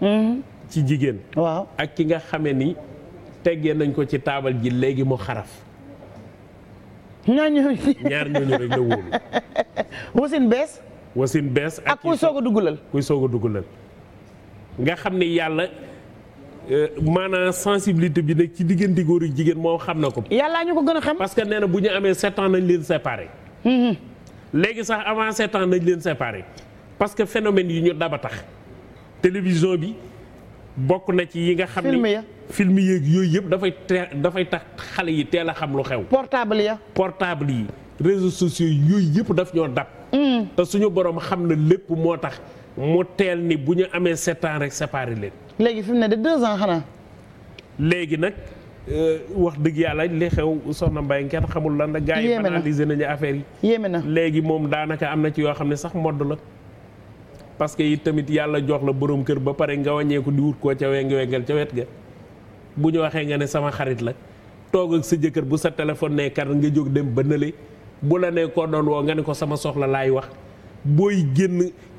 mm. ci jigéen waaw ak ki nga xame ni teggee nañ ko ci taabal ji léegi mu xaraf ñaar ñooñu ñaar ñooñu rek la wóolu wasin bees wasin bees ak kuy soog a duggalal kuy soog a duggalal nga xam ni yàlla Euh, maanaa sensibilité bi nag ci diggante góor ak jigéen moom xam na ko. yàllaa ñu ko gën a xam. parce que nee na bu ñu amee sept ans nañ leen séparé. Mm-hmm. léegi sax avant sept nañ leen séparé parce que phénomène yi ñu daba tax télévision bi bokk na ci yi nga. xam ne film yeeg yooyu yëpp dafay dafay tax xale yi teel a xam lu xew. portable ya yi réseaux sociaux yooyu yëpp daf ñoo dab. Mm. te suñu borom xam na lépp moo tax. mu teel ni bu ñu amee setan ans rek séparé leen. léegi fi mu ne de deux ans xanaa. léegi nag euh, wax dëgg yàlla li xew soxna Mbaye kenn xamul la la. gaa yi banaliser nañu affaire yi. yéeme na léegi moom daanaka am na ci yoo xam ne sax modd la. parce que it tamit yàlla jox la boroom kër ba pare nga wàññeeku di wut koo ca wengi wengal ca wet ga bu ñu waxee nga ne sama xarit la toog ak sa jëkkër bu sa téléphone ne kar nga jóg dem ba nële bu la ne koo doon woo nga ne ko sama soxla laay wax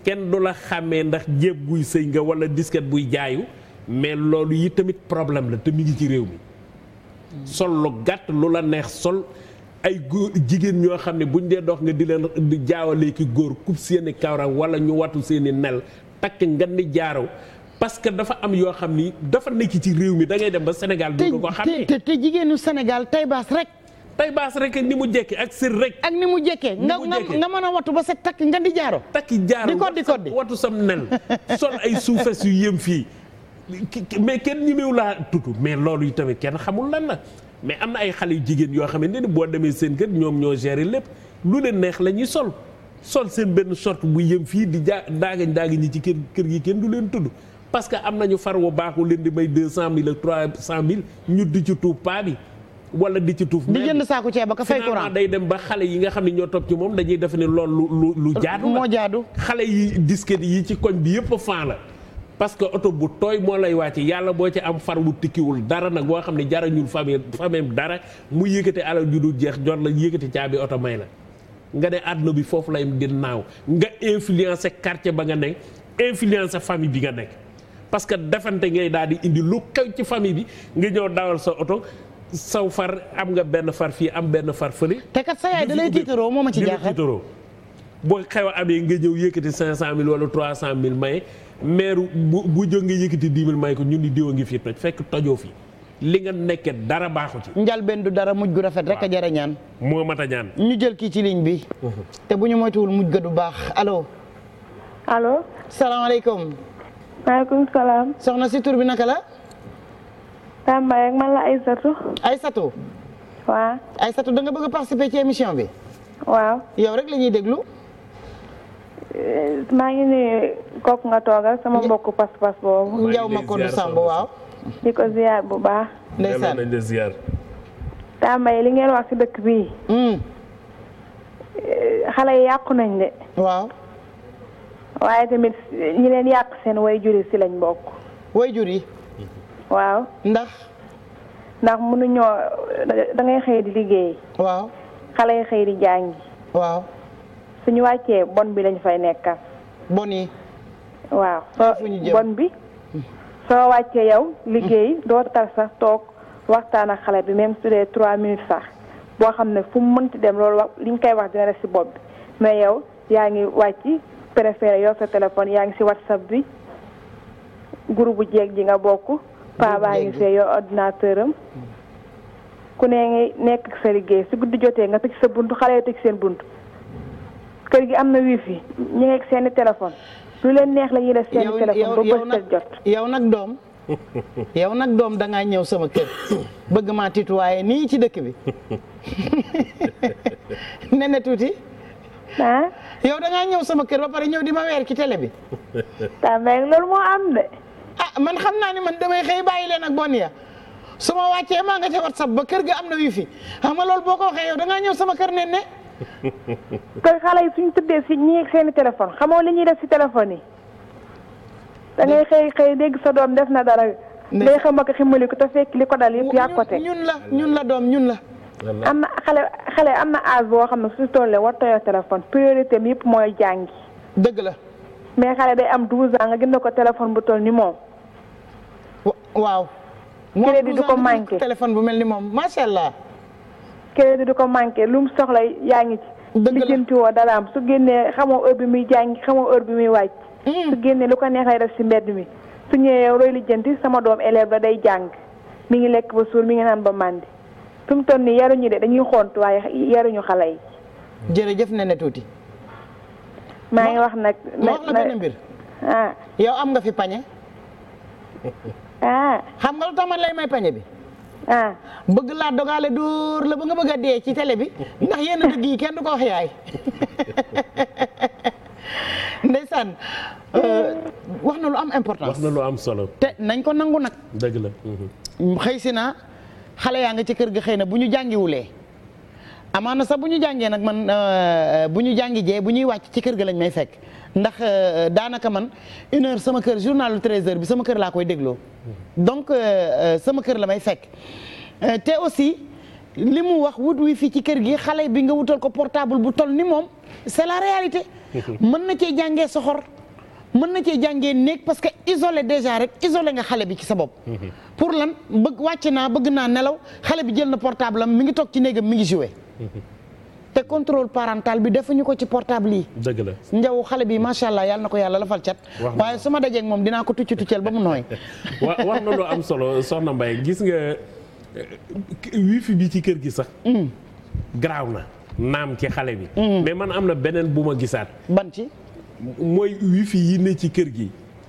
kenn du la xàmmee ndax jéeb guy sëy nga wala disket buy jaayu mais loolu yi tamit problème la te mi ngi ci réew mi. sol lu gàtt lu la neex sol ay góor jigéen ñoo xam ne buñ dee dox nga di leen di jaawalee ki góor kub seeni kawram wala ñu watu seeni nel takk nga ni jaaro parce que dafa am yoo xam ni dafa nekk ci réew mi da ngay dem ba Sénégal. du ko xam te te jigéenu Sénégal tey baas rek. tay baas rek ni mu jekki ak sër rek. ak ni mu jekkee nga nga mën a watu ba sa takk nga di jaaro. takki jaaro di koddi koddi watu sam nen sol ay suufes yu yëm fii mais kenn ñemewu laa tudd mais loolu yi tamit kenn xamul lan la mais am na ay xale yu jigéen yoo xamante ni boo demee seen kër ñoom ñoo gérer lépp lu leen neex la ñuy sol sol seen benn sorte bu yëm fii di jaa daagañ daagañ ñi ci kër kër gi kenn du leen tudd parce que am nañu far wu baaxu leen di may deux cent mille ak trois cent mille ñu di ci tuub paa bi wala di ci tuuf. di jënd saako ceeb day dem ba xale yi nga xam ne ñoo topp ci moom dañuy defe ne loolu lu lu jaadu. moo jaadu xale yi disket yi ci koñ bi yëpp fan la. parce que oto bu tooy moo lay wàcc yàlla boo ci am far wu tikkiwul dara nag boo xam ne jarañul famille famille dara mu yëkkati alal ju dul jeex jot la yëkkati caabi oto may la. nga ne àdduna bi foofu lay di naaw nga influencer quartier ba nga nekk influencer famille bi nga nekk parce que defante ngay daal di indi lu kaw ci famille bi nga ñëw dawal sa oto saw far am nga benn far fii am benn far fële. te kat sa yaay da lay tiitaroo moo ma ci jaaxal boo xew a amee nga ñëw yëkkati 500000 wala 300000 may maire bu bu jóg nga yëkkati 10 000 may ko ñun di diwa ngi fii toj fekk tojoo fi li nga nekke dara baaxu ci. njalbeen du dara mujj gu rafet rek a jar moo mat a ñaan. ñu jël kii ci ligne bi. Uh-huh. te bu ñu moytuwul mujj ga du baax allo. allo. salaamaaleykum. maaleykum salaam. soxna si tur bi naka la. Tamba man la Aïssatou. Aïssatou. waaw. Aïssatou da nga bëgg a participer ci émission bi. waaw. yow rek la ñuy déglu. Eh, maa ngi nuyu kooku nga toogal sama mbokku pas-pas boobu. njaw ma ko du Samb waaw. di ko ziar bu baax. ndeysaan nañ la ziar. Tamba yi li ngeen wax ci dëkk bii. Hmm. Eh, xale yi yàqu nañ de. waaw. waaye tamit ñi leen yàq seen way jur yi ci lañ bokk. way jur yi. waaw ndax. ndax mënuñoo dangay ngay xëy di liggéey. waaw xale yi xëy di jàngi. waaw suñu wàccee bon bi lañu fay nekkal. bon yi. waaw bon bi. soo wàccee yow. liggéey doo tal sax toog waxtaan ak xale bi même su dee trois minutes sax boo xam ne fu mu mënti dem loolu wax liñ koy wax dina def si bopp bi mais yow yaa ngi wàcc préféré yor sa téléphone yaa ngi si whatsapp bi groupe bu jeeg ji nga bokk. paa baa ngi fee yor ordinateur am ku ne ngi nekk sa liggéey su guddi jotee nga tëj sa bunt xale yi tëj seen bunt kër gi am na wifi ñu ngi ak seeni téléphone lu leen neex la def seeni téléphone ba bët jot yow nag doom nag doom dangaa ñëw sama kër bëgg maa tituwaaye nii ci dëkk bi nene tuuti ah yow dangaa ñëw sama kër ba pare ñëw di ma weer ci télé bi tamit loolu moo am de ah man xam naa ne man damay xëy bàyyi leen ak bon ya su ma wàccee maa nga ca whatsapp ba kër ga am na wifi xam nga loolu boo ko waxee yow da ñëw sama kër ne ne. te xale yi suñ tëddee si ñii ak seen i téléphone xamoo li ñuy def si téléphone yi. dangay ngay xëy xëy dégg sa doom def na dara. day xam ak ximmali ko te fekk li ko dal yëpp yaa ko teg ñun la ñun la doom ñun la. am na xale xale am na âge boo xam ne su tollee war tayoo téléphone priorité bi yëpp mooy jàngi. dëgg la. mais xale day am 12 ans nga gën na ko téléphone bu toll ni moom. waaw. crédit du ko manqué téléphone bu mel ni moom macha allah. crédit du ko manqué lu soxla yaa ngi ci. dëgg lijjanti woo daraam su génnee xamoo heure bi muy jàngi xamoo heure bi muy wàcc. Hmm. su génnee lu ko neex lay def si mbedd mi. su ñëwee roy lijjanti sama doom élève la day jàng mu ngi lekk ba suur mi ngi naan ba màndi fi mu toll nii yaruñu de dañuy xont waaye yaruñu xale yi. jërëjëf Néné Tuuti. maa ngi wax nag. ma wax la benn mbir. Ah. yow am nga fi pañe. ah xam nga lu tax ma lay may pañe bi. ah bëgg laa dogale dóor la ba nga bëgg a dee ci tele bi ndax yenn dëgg yi kenn du ko ay yaay. ndeysaan euh, wax na lu am importance wax am solo. te nañ ko nangu nag. dëgg la. xëy si na xale yaa nga ci kër ga xëy na bu ñu jàngiwulee. na sax bu ñu jàngee nag man euh, bu ñu jàngi jee bu ñuy wàcc ci kër gi lañ may fekk ndax euh, daanaka man une heure sama kër journalu 13 heures bi sama kër laa koy dégloo donc euh, sama kër la may fekk te aussi li mu wax wut wi fii ci kër gi xale bi nga wutal ko portable bu toll ni moom c'est réalité mën na cee jàngee soxor mën na cee jànge néeg parce que isolé déjà rek isolé nga xale bi ci sa bopp. Mhm. pour lan wàcc naa bëgg naa nelaw xale bi jël na portable am mi ngi toog ci néegam mi ngi joué. Mhm. te contrôle parental bi defuñu ko ci portable yi. dëgg la njaw xale bi macha allah yàlla na ko yàlla la fal cat. waaye su ma dajee moom dinaa ko tucc tuccel ba mu nooy. waaw wax na lu am solo soxna Mbaye gis nga eh, wifi bi ci kër gi sax. Mm. garaaw na naam ci xale bi. Mm. mais man am na beneen bu ma ci. mooy wifi yi ne ci kër gi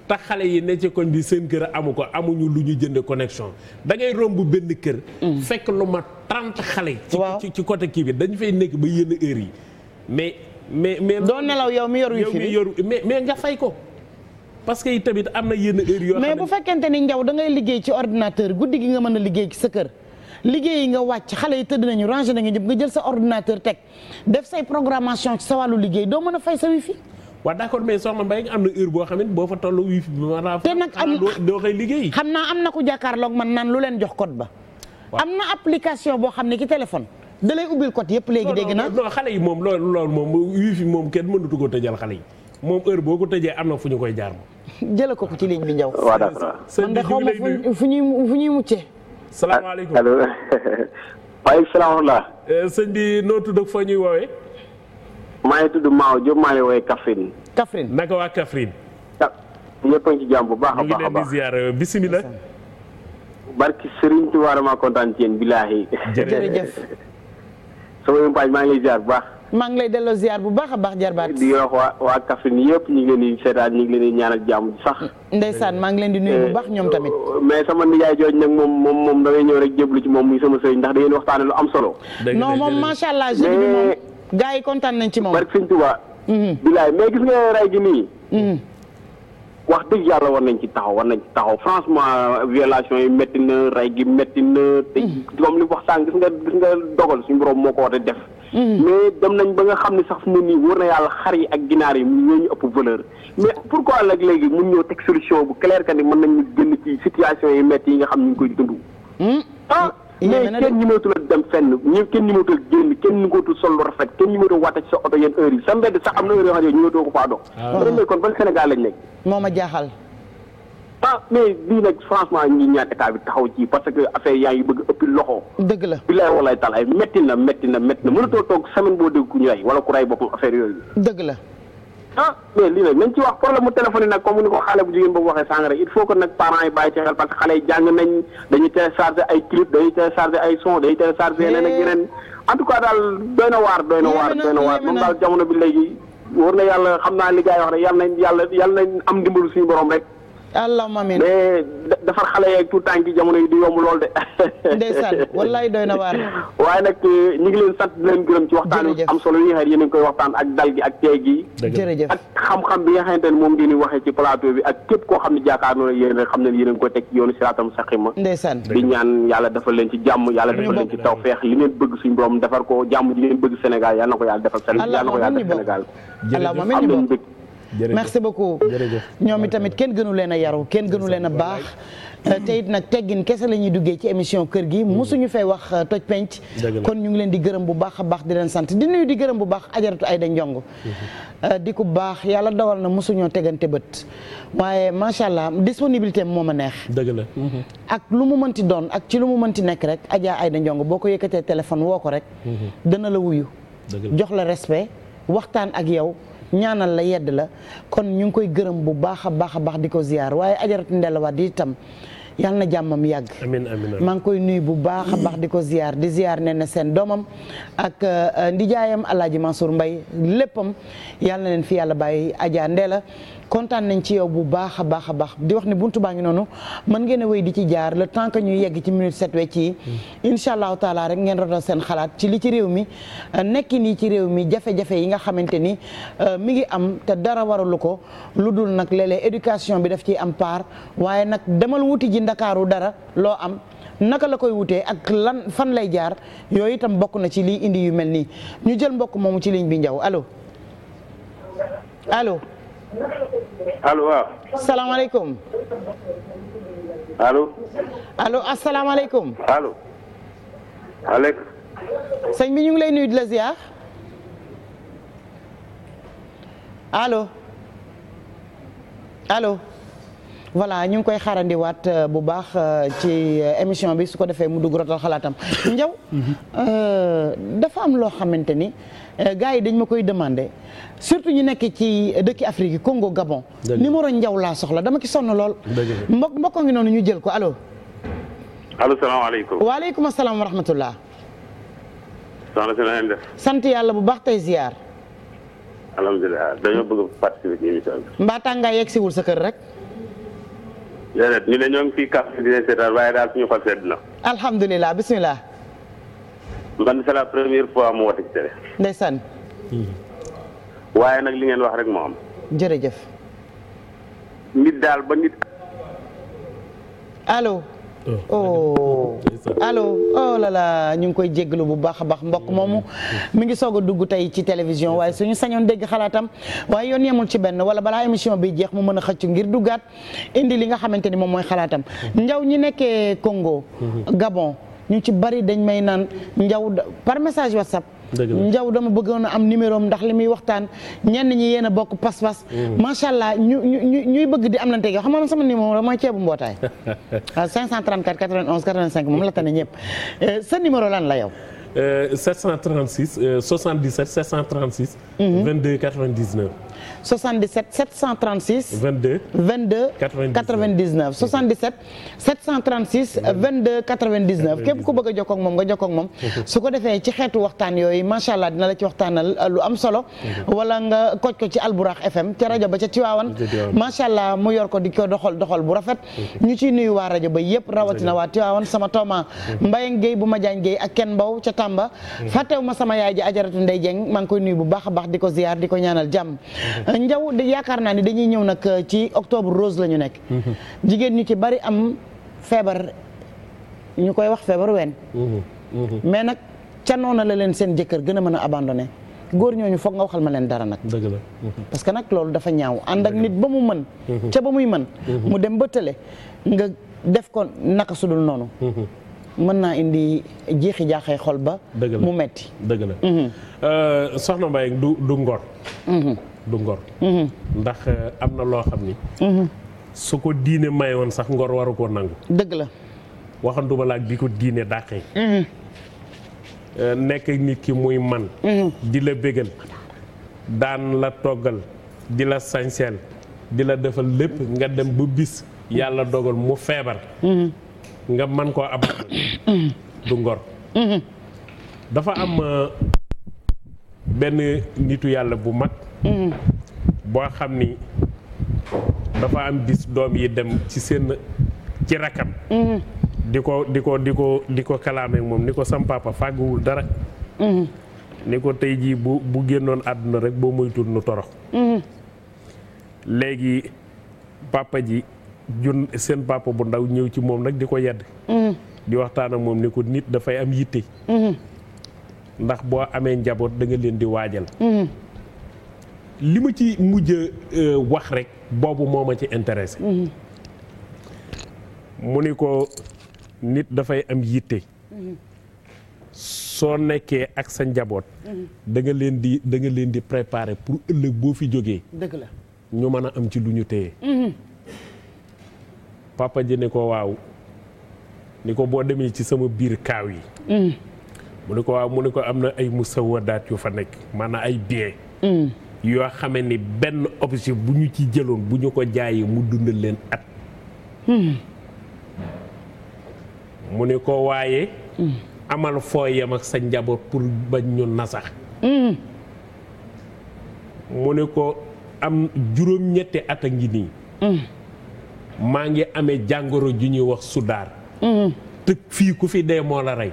te xale yi ne ci koñ bi seen kër a amu ko amuñu lu ñu jënd connexion da ngay romb benn kër. Mm. fekk lu ma trente xale. ci ci côté kii bi dañu fay nekk ba yenn heure yi mais. mais mais doo nelaw yow mi yor wifi bi yow mi mais nga fay ko. parce que tamit am na yenn heure yoo xam mais bu fekkente ni njaw dangay liggéey ci ordinateur guddi gi nga mën a liggéey ci sa kër. liggéey yi nga wàcc xale yi tëdd nañu rangé nañu ñëpp nga jël sa ordinateur teg def say programmation ci sa wàllu liggéey doo mën a fay sa wifi waa waaw d'accord mais soxna Mbaye am na heure boo xam ne boo fa toll wifi bi maanaam. te nag am doo koy liggéey. xam naa am na ku jàkkaarloog man naan lu leen jox code ba. am na application boo xam ne ci téléphone. da lay ubbil code yëpp léegi dégg naa. non xale yi moom loolu loolu moom wifi moom kenn mënatu ko tëjal xale yi moom heure boo ko tëjee am na fu ñu koy jaar. jëlee ko ko ci ligne bi Ndiaw. waaw d'accord man de xaw ma fu ñuy fu ñuy muccee. salaamaaleykum allo. waaleykum salaam wa rahmatulah. Eh, sëñ bi noo tudd foo ñuy woowee. maa ngi tudd Maaw Diop maa ngi woowee Kaffrine. Kaffrine naka waa Kaffrine. ah a baax a baax a baax ñu ngi leen di ziar bisimilah. barki Serigne Touba dama kontaan ci yéen bilaahi. jërëjëf sama yumpaañ maa ngi lay ziar baax. maa ngi lay delloo ziar bu baax baax jarbaat. di wax waa waa Kaffrine yëpp ñu ngi di seetaan ñu ngi leen di ñaanal jàmm sax. ndeysaan maa ngi leen di nuyu bu baax ñoom tamit. Eh, mais sama nijaay jooju nag moom moom moom damay ñëw rek jéblu ci moom muy sama sëriñ ndax da ngeen waxtaane lu am solo. gaa yi kontaan nañ ci moom. barke Sëñ Tuubaa. Mhm. bilaay mais gis nga ray gi nii. Mhm. wax dëgg yàlla war nañ ci taxaw war nañ ci taxaw francement violation yi métti na rey gi métti na. te mhm. comme li wax sànq gis nga gis nga dogal suñu borom moo ko war def. mais dem nañ ba nga xam ne sax fu mu nii wóor na yàlla xar yi ak ginaar yi mu ñoo ñu ëpp valeur. mais pourquoi nag léegi mu ñoo teg solution bu clair que ni mën nañu génn ci situation yi métti yi nga xam ñu ngi koy dund. ah. mais kenn ñëmaatul ak dem fenn ñi kenn ñëmaatul ak génn kenn ñëmaatul sol lu rafet kenn ñëmaatul wàcc ci sa oto yenn heure yi sa mbedd sax am na heure yoo xam ko faa dox. waaw ah. kon ban Sénégal lañ nekk. moo ma jaaxal. ah mais bii nekk franchement ñi ñaan état bi taxaw ci parce que affaire yaa ngi bëgg ëpp loxo. dëgg la bilaay walaay talaay métti na métti na métti na mënatoo toog semaine boo dégg ku ñu rey wala ku rey boppam affaire yooyu. dëgg la. ah mais lii nag nañ ci wax problème mu téléphone yi nag comme ni ko xale bu jigéen boobu waxee sànq rek il faut que nag parents yi bàyyi ci xel parce que xale yi jàng nañ dañuy télécharger ay clip dañuy télécharger ay son dañuy télécharger yeneen ak yeneen en tout cas daal doy na waar doy na waar doy na waar moom daal jamono bi léegi wóor na yàlla xam naa li gars wax rek yàlla nañ yàlla yàlla nañ am ndimbalu suñu borom rek allahumma amiin mais defar xale yeeg tout tànk yi jamono yi du yomb lool de. ndeysaan wallaay doy na waar. waaye nag euh, ñu ngi leen sant di leen gërëm ci waxtaan wi am solo yi nga xam yéen a ngi koy waxtaan ak dal gi ak xam-xam bi nga ne moom ngeen di waxee ci plateau bi ak képp koo xam ne jàkkaarloo yéen rek xam ne yéen a ngi koy teg ci yoonu siraatam saqima. ndeysaan di ñaan yàlla defal leen ci jàmm yàlla defal leen ci tawfeex li ngeen bëgg suñu borom defar ko jàmm ji ngeen bëgg Sénégal yàlla na ko yàlla defal Sénégal yàlla na merci beaucoup ñoom itamit kenn gënu leen a yaru kenn gënu leen a baax euh, te it nag teggin kese la ñuy duggee ci émission kër gi mosuñu fee wax euh, toj penc kon ñu ngi leen di gërëm bu baax a baax di leen sant di nuyu di gërëm bu baax ajaratu Ayda Njong mhm. euh, di ku baax yàlla dawal na mosuñoo tegante bët waaye macha allah disponibilité moom moo ma neex dëgg la mhm. ak lu mu mënti doon ak ci lu mu mënti nekk rek ajaa Ayda Njong boo ko yëkkatee téléphone woo ko rek mhm. dana la wuyu jox la respect waxtaan ak yow ñaanal la yedd la kon ñu ngi koy gërëm bu baax a baax a baax di ko ziar waaye waa di itam yal na jàmmam yàgg amiin amiin maa ngi koy nuyu bu baax a baax di ko ziar di ziar ne na seen doomam ak euh, ndijaayam alaaji Mansour Mbaye léppam yàlla na leen fi yàlla bàyyi Adja kontaan nañ ci yow bu baax a baax a baax di wax ne buntu baa ngi noonu mën ngeen a wéy di ci jaar la temps que ñuy yegg ci minute set wecc yi mm. incha allahu taala rek ngeen rotal seen xalaat ci li ci réew mi euh, nekki nii ci réew mi jafe-jafe yi nga xamante ni euh, mi ngi am te dara waralu ko lu dul nag léeg-léeg éducation bi daf ci am part waaye nag demal wuti ji ndakaaru dara loo am naka la koy wutee ak lan fan lay jaar yooyu itam bokk na ci lii indi yu mel nii ñu jël mbokk moomu ci ligne bi njaw allo allo allo waaw. salaamaaleykum. allo. allo asalaamaaleykum. allo. aleyk. sëñ bi ñu ngi lay nuyu di la ziar. allo. allo. voilà ñu ngi koy xaarandiwaat euh, bu baax euh, ci euh, émission bi su ko defee mu dugg rotal xalaatam. Njaw. Mhm. dafa am loo xamante ni. Euh, gars yi dañ ma koy demandé surtout ñu nekk ci dëkki Afrique yi Congo Gabon. numéro njaw laa soxla dama ci sonn lool. mbokk mbokk ngi noonu ñu jël ko allo. allo salaamaaleykum. waaleykum salaam wa rahmatullah. sant yàlla bu baax tey ziar. alhamdulilah dañoo bëgg participer ci émission bi. mbaa tàngaay sa kër rek. déedéet ñu ne ñoo ngi fii kàddu di leen seetaan waaye daal suñu xol sedd na. alhamdulilah bisimilah. man mu woote ci télé. ndeysaan. Hmm. waaye nag li ngeen wax rek moom am. jërëjëf. nit daal ba nit. allo. oh, oh. allo oh ñu ngi koy jégalu bu baax a baax mbokk moomu mu ngi soog a dugg tey ci télévision waaye suñu sañoon dégg xalaatam waaye yoon yemul ci benn wala balaa émission bi jeex mu mën a xëcc ngir duggaat indi li nga xamante ni moom mooy xalaatam. Hmm. njaw ñi nekkee Congo. Hmm. Gabon. ñu ci bari dañ may naan njaw par message whatsapp njaw dama bëggoon a am numéro ndax li muy waxtaan ñenn ñi yéen a bokk pas-pas mm. macha allah ñu ñu ñuy bëgg di am lante yow xam nga sama numéro mooy ceebu mbootaay waaw 534 91 85 moom la tane ñëpp eh, sa numéro lan la yow 736 77 736 22 77 736. 22 22. 99 77 736 22 99 képp ku bëgg a jokkoo ak moom nga jokkoo ak moom. Mhm. su ko defee ci xeetu waxtaan yooyu macha allah dina la ci waxtaanal uh, lu am solo. Mhm. wala nga koj ko ci Alburax FM ca rajo ba ca Tiwaawan. macha allah mu yor ko di ko doxal doxal bu rafet. Mhm. ñu ciy nuyu waa rajo ba yëpp rawatina waa Tiwaawan sama tooma mbay Guèye bu ma jaañ Guèye ak Ken Mbow ca Tamba. fàttewu ma sama yaay ji ajaratu Ndey maa ngi koy nuyu bu baax a baax di ko ziar di ko ñaanal jàmm. njaw yaakaar naa ni dañuy ñëw nag euh, ci octobre rose la ñu nekk. Mhm. jigéen ñu ci bari am feebar ñu koy wax feebar ween. Mhm. Mhm. mais nag ca noona la leen seen jëkkër gën a mën a abandonné góor ñu foog nga waxal ma leen dara nag. dëgg parce que nag loolu dafa ñaaw ànd ak nit ba mu mën. ca ba muy mën. mu dem ba tële nga def ko naka sudul noonu. mën naa indi jeexi jaaxee xol ba. mu metti dëgg la euh, soxna Mbaye du du ngor. Mm-hmm. du ngor mm-hmm. ndax eh, am na loo xam ni mm-hmm. su ko diine mayoon sax ngor waru koo nangu dëgg la waxanduma la ak bi ko diine dàqee eh, nekk nit ki muy man di la bégal daan la toggal di la sañseel di la defal lépp nga dem bu bis yàlla dogal mu feebar nga man koo ab du ngor dafa am eh, benn nitu yàlla bu mag mm. boo xam ni dafa am bis doom yi dem ci seen ci rakkam mm. di ko di ko di ko di ko kalaame moom ni ko sam papa fàgguwul dara mm. ni ko tey jii bu bu génnoon àdduna rek boo moytul nu torox léegi papa ji jun seen papa bu ndaw ñëw ci moom nag di ko yedd di waxtaan moom ni ko nit dafay am yitte ndax boo amee njaboot danga leen di waajal. Mm-hmm. li ma ci mujj euh, wax rek boobu moo ma ci intéressé. Mm-hmm. mu ni ko nit dafay am yitte. Mm-hmm. soo nekkee ak sa njaboot. da leen di da leen di préparer pour ëllëg boo fi jógee. dëgg ñu mën a am ci lu ñu téye. papa ji ni ko waaw ni ko boo demee ci sama biir kaaw yi. mu ne ko waaw mu ne ko am na ay musawadaat yu fa nekk maanaam ay bien mm. yoo xamee ni benn objet bu ñu ci jëloon bu ñu ko jaayee mu dund leen at hmm. mu ne ko waaye hmm. amal foo yem ak sa njaboot pour bañ ñu nasax hmm. mu ne ko am juróom-ñetti at a ngi nii maa ngi ame jàngoro ju ñuy wax sudaar te fii ku fi dee moo la rey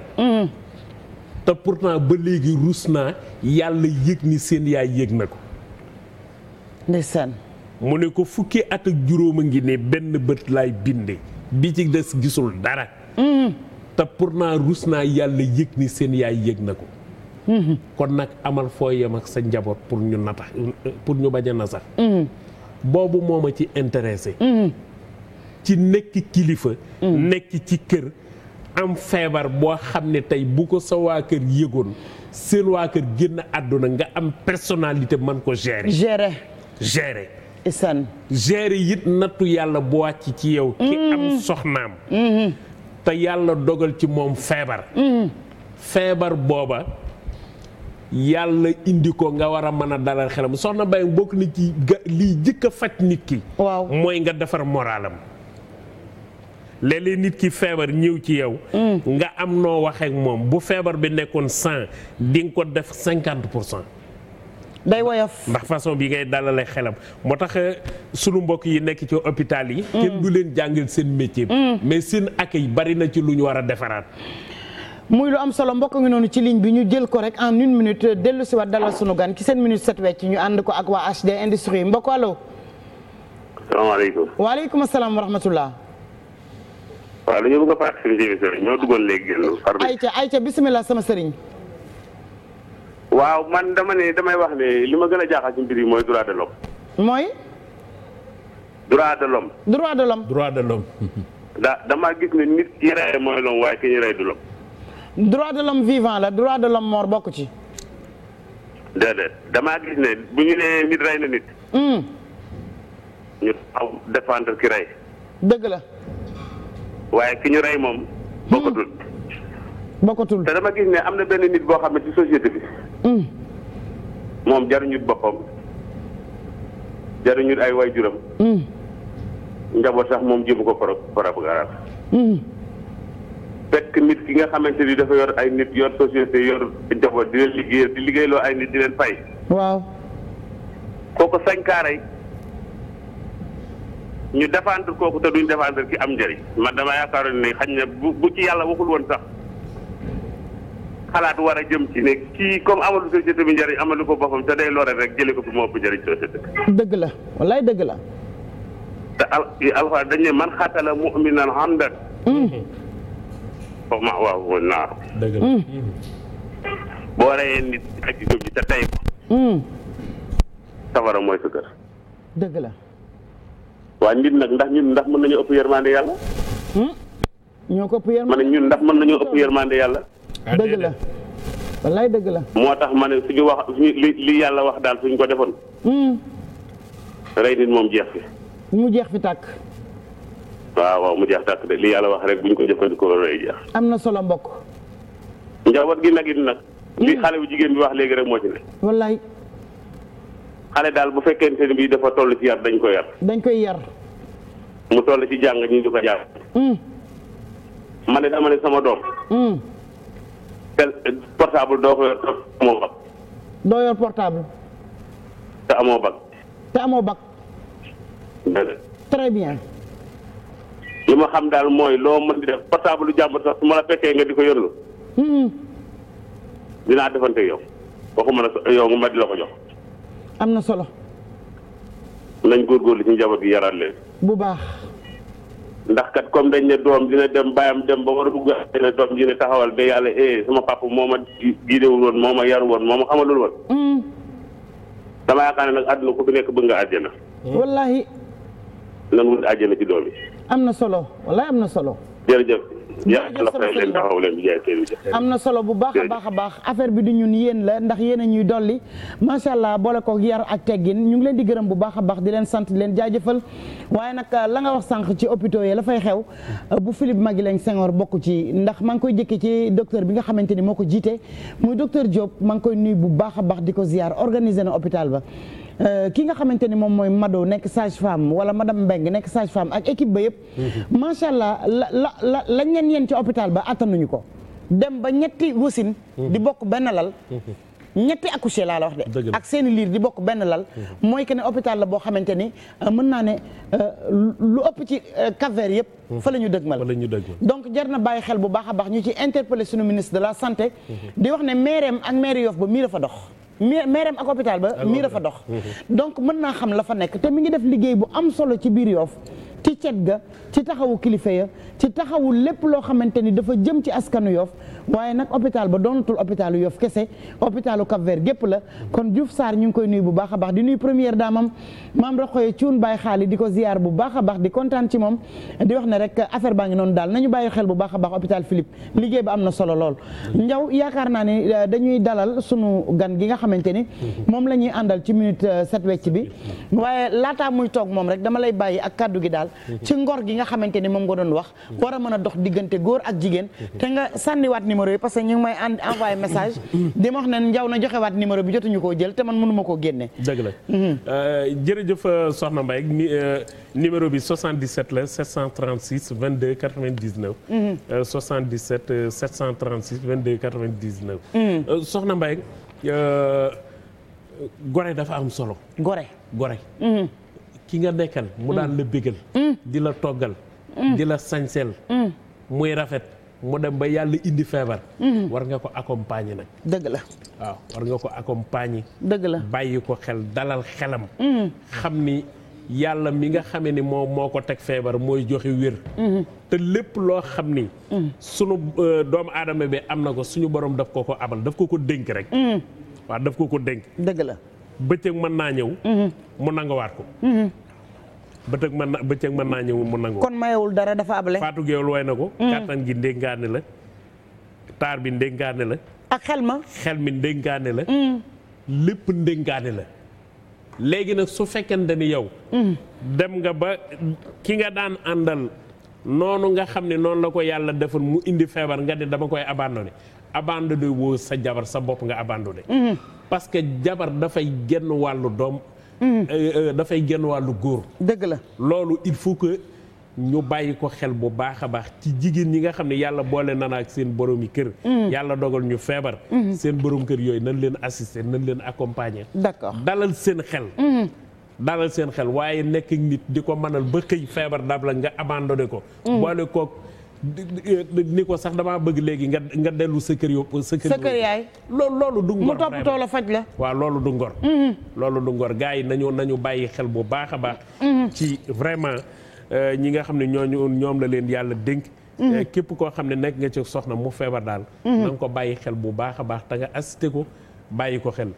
te pourtant ba léegi ruus naa yàlla yëg ni seen yaay yëg na ko. ndeysaan. mu ne ko fukki at ak juróom a ngi ne benn bët laay binde bi ci des gisul dara. Mm-hmm. te naa ruus naa yàlla yëg ni seen yaay yëg na ko. Mm-hmm. kon nag amal foo yem ak sa njaboot pour ñu natax pour ñu bañ a nasax. Mm-hmm. boobu moo ma ci intéressé. ci nekk kilifa. nekk ci kër. am feebar boo xam ne tey bu ko sa waa kër yégoon seen waa kër génn àdduna nga am personnalité man ko gérer. gérer gérer. isan gérer it nattu yàlla bu wàcc ci yow. ki am mm-hmm. soxnaam. Mm-hmm. te yàlla dogal ci moom feebar. Mm-hmm. feebar booba yàlla indi ko nga war a mën a dalal xelam soxna Mbaye bokk na ci liy jëkk faj nit ki. waaw mooy nga defar moralam. léeg-léeg nit ki feebar ñëw ci yow. Mm. nga am noo waxeek moom bu feebar bi nekkoon cent di ko def cinquante pour cent. day woyof ndax façon bi ngay dalalee xelam moo tax euh, sunu mbokk yi nekk ci hôpital yi. Mm. kenn du leen jàngal seen métier. Mm. mais seen accueil bari na ci lu ñu war a defaraat. muy lu am solo mbokk ngi noonu ci ligne bi ñu jël ko rek en une minute euh, dellu si waat dalal sunu gan ci seen minute set wecc ñu ànd ko ak waa HD industrie mbokk allo. salaamaaleykum. waaleykum salaam wa rahmatullah. waaw dañoo bëgg a participer ci émission ñoo duggoon léegi génn. ayca ayca bisimilah sama sëriñ. waaw man dama ne damay wax ne li ma gën a jaaxal ci mbir mooy droit de l'homme. mooy. droit de l'homme. droit de l'homme. droit de l'homme. da damaa gis ne nit ki rey mooy l'homme waaye ki de la droit de l'homme mort bokk ci. déedéet damaa gis ne bu ñu nee nit rey na nit. Hmm. ñu taxaw défendre ki rey. dëgg la. waaye ki ñu rey moom. bokkatul. Hmm. bokkatul te dama gis ne am na benn nit boo xam ne ci société bi. Hmm. moom jaruñu boppam jaruñu ay waajuram. Hmm. njaboot sax moom jëmu ko pro programme. fekk nit ki nga xamante ni dafa yor ay nit yor société yor njaboot di leen liggéey di liggéeyloo ay nit di leen fay. waaw. kooku sañ kaaray. ñu défendre kooku te duñ défendre ki am njëriñ man dama yaakaaroon ne xañ na bu ci yàlla waxul woon sax xalaat war a jëm ci ne kii comme amalu société bi njëriñ amalu ko boppam te day lore rek jëlee ko fi moo ëpp njëriñ société dëgg la wallaay dëgg la te al alxuraan dañ ne man xatala muminan hamdan hmm. foofu ma waaw mooy naar dëgg hmm. boo reyee nit ak ci jub ji te tey ko hmm. safara mooy sa kër dëgg la waaye nit nag ndax ndax mën nañu ëpp yërmande yàlla. Hmm? ñoo ko ëpp yërmande ma na ñun ndax mën nañu ëpp yërmande yàlla. Ah, dëgg la wallaay dëgg la. moo tax ma ne suñu wax li li yàlla wax daal suñ ko defoon. Hmm. rey nit moom jeex fi. mu jeex fi tàkk. waaw waaw mu jeex tàkk de li yàlla wax rek buñ ko jëfandikoo rey jeex. am na solo mbokk. njaboot gi nag it nag. li hmm. xale bu jigéen bi wax léegi rek moo ci ne. wallaay. xale daal bu fekkente ne bii dafa toll ci yar dañ ko yar. dañ koy yar. mu toll ci jàng ñu di ko jàng. Hmm. ma dama ne sama doom. Hmm. tel portable doo ko yor amoo bag. doo yor portable. te amoo bag. te amoo bag. très bien. li ma xam daal mooy loo mën di def portable lu jàmbur sax su ma la fekkee nga di ko yorlu. Hmm. dinaa defante yow waxuma la yow nga ma di la ko jox. am na solo. nañ góorgóorlu ci njaboot gi yaraat leen. bu baax. ndax kat comme dañ ne doom dina dem bàyyam dem ba war a bugg a doom dina taxawal ba yàlla eh sama papa moo ma giidewul woon moo ma yarul woon moo ma xamalul woon. Mm. dama yaakaar ne nag àdduna ko fi nekk bëgg nga àjjana. Mm. wallaahi. nan wut àjjana ci doom yi. am na solo wallaahi am na solo. jërëjëf am na solo bu baax a baax a baax affaire bi du ñun yéen la ndax yéen a ñuy dolli macha allah boole ko yar ak teggin ñu ngi leen di gërëm bu baax a baax di leen sant di leen jaajëfal waaye nag euh, la nga wax sànq ci hôpitaux yi la fay xew euh, bu Philippe Maguilagne Senghor bokk ci ndax maa ngi koy jëkkee ci docteur bi nga xamante ni moo ko jiite muy docteur Diop maa ngi koy nuyu bu baax a baax di ko ziar organiser na hôpital ba Euh, ki nga xamante ni moom mooy Mado nekk sage femme wala madame Mbeng nekk sage femme ak équipe ba yëpp. Mhm. macha allah la la la lañ leen ci hôpital ba attanuñu ko dem ba ñetti wasin mhm. di bokk benn lal. Mhm. ñetti accouché laa la wax de. ak seeni liir di bokk benn lal. mooy que ne hôpital la boo xamante ni euh, mën naa ne euh, lu ëpp ci caver yëpp. fa la ñu dëgmal donc jar na bàyyi xel bu baax a baax ñu ci interpellé suñu ministre de la santé. di wax ne maireem ak maire yoof ba mii fa dox. mais meereem ak hôpital ba mii dafa dox mm-hmm. donc mën naa xam la fa nekk te mi ngi def liggéey bu am solo ci biir Yoff ci cet ga ci taxawu kilifa ya ci taxawu lépp loo xamante ni dafa jëm ci askanu Yoff waaye nag hôpital ba doonatul hôpitalu Yoff kese hôpitalu Cap-Vert gépp la kon Diouf saar ñu ngi koy nuyu bu baax a baax di nuyu première dame am maam Roxoye Cuun Baye Xaali di ko ziyaar bu baax a baax di kontaan ci moom di wax ne rek affaire baa ngi noonu daal nañu bàyyi xel bu baax a baax hôpital Philippe liggéey ba am na solo lool njaw yaakaar naa ne euh, dañuy dalal sunu gan gi nga xamante ni moom la ñuy àndal ci minute euh, set wecc bi waaye laataa muy toog moom rek dama lay bàyyi ak kàddu gi daal ci ngor gi nga xamante ni moom nga doon wax war a mën a dox diggante góor ak jigéen numéro yi parce que ñu ngi may and envoyé message di ma wax ne njaw na joxewaat numéro bi jotuñu koo jël te man mënuma koo génne dëgg la mhm. euh, jërëjëf euh, Soxna Mbaye euh, numéro bi 77 la 736 22 99 77 736 22 99 Soxna Mbaye gore dafa am solo gore gore mhm. ki nga nekkal mu daan mhm. la bégal di la toggal di la sañseel muy rafet mu dem ba yàlla indi feebar. Mhm. war nga ko accompagner nag. dëgg la waaw war nga ko accompagner. dëgg la bàyyi ko xel dalal xelam. Mhm. xam ni yàlla mi nga xamee ni moom moo ko teg feebar mooy joxe wér. Mhm. te lépp loo xam ni. sunu euh, doomu aadama bi am na ko suñu boroom daf ko ko abal daf ko ko dénk rek. waaw daf ko ko dénk. dëgg la bëccëg mën naa ñëw. mu nangawaat ko. bëtëg mën na bëccëg mën naa ñëw mu nangu. kon mayewul dara dafa able. Fatou Gueye way na ko. Mm. kattan gi ndénkaane la. taar bi ndénkaane la. ak xel ma xel mi ndénkaane la. Mm. lépp ndénkaane la. léegi nag su fekkente ni yow. Mm. dem nga ba ki nga daan àndal noonu nga xam ne noonu la ko yàlla defal mu indi feebar nga ne dama koy abandonné abandonné woo sa jabar sa bopp nga abandonné. parce jabar dafay genn wàllu doom. Euh, euh, dafay genn wàllu góor. dëgg la loolu il faut que ñu bàyyi ko xel bu baax a baax ci jigéen ñi nga xam ne yàlla boole na ak seen boroomi kër. Mm. yàlla dogal ñu feebar. Mm. seen borom kër yooyu nan leen assister nan leen accompagner. d'accord dalal seen xel. Mm. dalal seen xel waaye nekk nit di ko mënal ba xëy feebar dab la nga abandonné ko. boole kook ni ko sax damaa bëgg léegi nga nga dellu sa kër yow sa kër yaay loolu loolu du ngor mu toppatoo la faj la waa loolu du ngor loolu du ngor gars yi nañu nañu bàyyi xel bu baax a baax ci vraiment ñi nga xam ne ñooñu ñoom la leen yàlla dénk képp koo xam ne nekk nga ci soxna mu feebar daal na nga ko bàyyi xel bu baax a baax te nga assisté ko bàyyi ko xel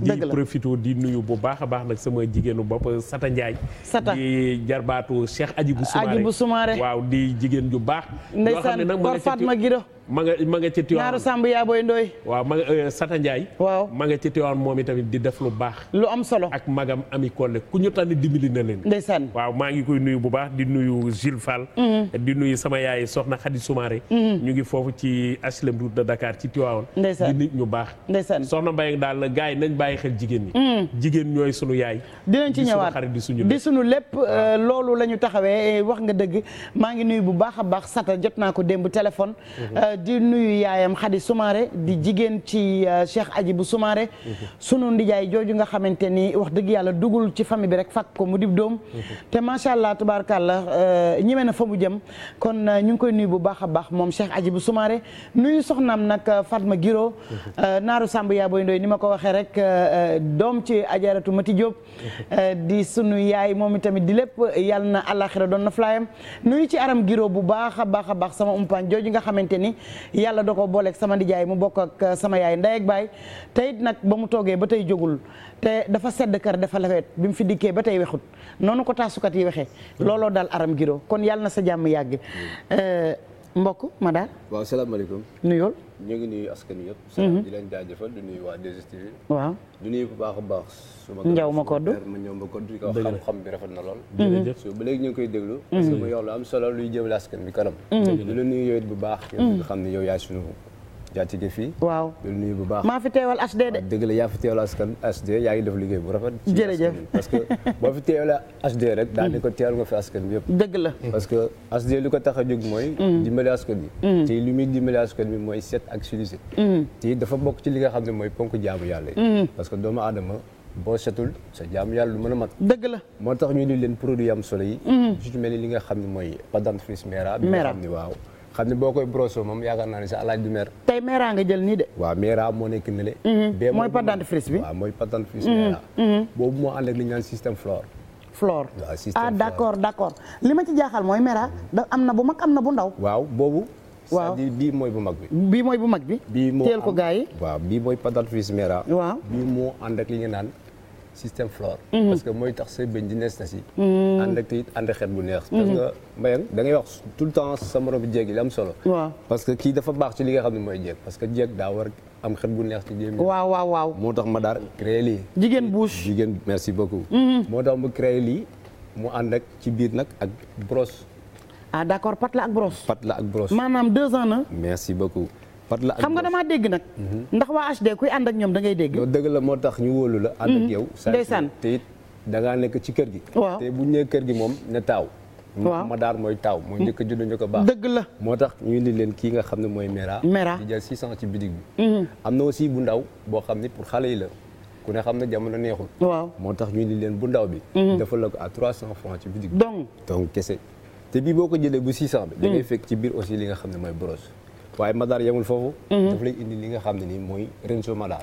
di profito di nuyu bu baax a baax nag sama jigéenu bopp Sata Ndiaye Sata di jarbaatu Cheikh Adjibou Soumaré Adjibou Soumaré waaw di jigéen ju baax ndeysaan Fatma Gido ma nga ma nga ci Tiwaawan ñaaru Samb yaa booy Ndoye. waaw ma nga euh, Sata Ndiaye. waaw ma nga ci Tiwaawan moom itamit di def lu baax. lu am solo ak magam ami Kolle ku ñu tànn dimbali na leen. ndeysaan maa ngi koy nuyu bu baax di nuyu Gilles Fall. Mm-hmm. di sama yaay soxna Khady Soumaré. Mm-hmm. ñu ngi foofu ci HLM route de Dakar ci Tiwaawan. ndeysaan di nit ñu baax. ndeysaan soxna Mbaye daal gars yi nañ bàyyi xel jigéen ñi. Mm. jigéen ñooy sunu yaay. dinañ ci ñëwaat di sunu xarit di sunu lépp euh, loolu la ñu taxawee eh, wax nga dëgg maa ngi nuyu bu baax a baax Sata jot naa ko démb téléphone mm-hmm. euh, di nuyu yaayam Khady Soumaré di jigéen ci euh, Cheikh bu Soumaré sunu ndijaay jooju nga xamante ni wax dëgg yàlla dugul ci famille bi rek fàkk ko mu dib doom te macha allah tubaarkàlla euh, ñime na fa mu jëm kon euh, ñu ngi koy nuyu bu baax a baax moom Cheikh Hadjibou Soumaré nuyu soxnaam nag Fatma Giro naaru Samb yaa boy ni ma ko waxee rek doom ci ajaratu Mati Diop di sunu yaay moom itamit di lépp yàlla na àllaaxira doon na flaayam nuyu ci aram Giro bu baax a baax a baax sama umpaañ jooju nga xamante ni yàlla doo ko booleeg sama nijaay mu bokk ak uh, sama yaay ndey baay te nag ba mu toogee ba tey jógul te dafa sedd kar dafa lawet bi mu fi dikkee ba tey wexut noonu ko taasukat yi waxee mm. looloo daal aram giro kon yàlla na sa jàmm yàgg mm. uh, mbokk ma daal. waaw salaamaaleykum. nuyool. ñu ngi nuyu askan wi yëpp. Mhm. di leen jaajëfal di nuyu waa 2STV. waaw di nuyu bu baax a baax. su ma njaw ma kodd ma mhm. ba léegi ñu ngi koy déglu. Mhm. parce que mu yor lu am solo luy jëmale askan bi kanam. di la nuyu yow bu baax. yow nga xam ne yow yaay sunu jaatige fii. waaw di nuyu bu baax maa fi teewal HD de. dëgg la yaa fi teewal askan HD yaa ngi def liggéey bu rafet. jërëjëf parce que boo fi teewalee HD rek. daal ko teewal nga fi HD li ko a mm. mm. mooy. set ak civilisé. Mm. te dafa bokk ci li xam ne mooy ponk jaamu yàlla yi. parce que doomu aadama. boo setul sa jaamu yàlla lu mën a mat. dëgg moo tax ñu di produit am solo yi. ci mel ni li xam ne mooy dentifrice Mera. Mera bi nga xam ne boo koy broso moom yaakaar naa ne sa alaaj du mer tey meera nga jël nii de waaw meera moo nekk ne le mhm. bee mooy pâte dentifrice bi waaw mooy pâte mhm, mhm. boobu moo ànd ak li ñu naan système flore flore ah d'accord li ma ci jaaxal mooy meera da am na bu mag am na bu ndaw waaw boobu waaw cest mooy bu mag bi mooy bu mag bi bii moo teel ko gars yi waaw bii mooy pâte dentifrice meera waaw bii moo ànd ak li ñu naan système flore. Mhm. parce que mooy tax say bëñ di nees na si. Mhm. ànd ak it ànd xet bu neex. Mhm. parce que mbayang da ngay wax tout le temps sa moromu jéeg yi am solo. waaw parce que kii dafa baax ci li nga xam ne mooy jéeg parce que jéeg daa war am xet bu neex ci jéem. waaw waaw waaw moo tax ma daar créé lii. jigéen bouche jigéen merci beaucoup. moo tax mu créé lii mu ànd ak ci biir nag ak brosse. ah d'accord pat la ak brosse. pat la ak brosse. maanaam deux ans na. pat la xam nga damaa dégg nag mhm. ndax waa HD kuy ànd ak ñoom da ngay dégg dëgg la moo tax ñu wóolu la ànd ak mhm. yow ndeysaan te it da ngaa nekk ci kër gi waaw te bu ñu nee kër gi moom ne taaw waaw madaar mooy taaw mooy njëkk a judd ko baax la moo tax ñu indi leen kii nga xam ne mooy Mera Mera di jël 600 ci bidig bi mhm. am na aussi bu ndaw boo xam ne pour xale yi la ku ne xam ne jamono neexul waaw moo tax ñu indi leen bu ndaw bi dafa la ko à 300 francs ci bidig bi donc kese te bii boo ko waaye Madar yemul foofu. Mhm. daf lay indi li nga xam ne nii mooy Renzo Madar.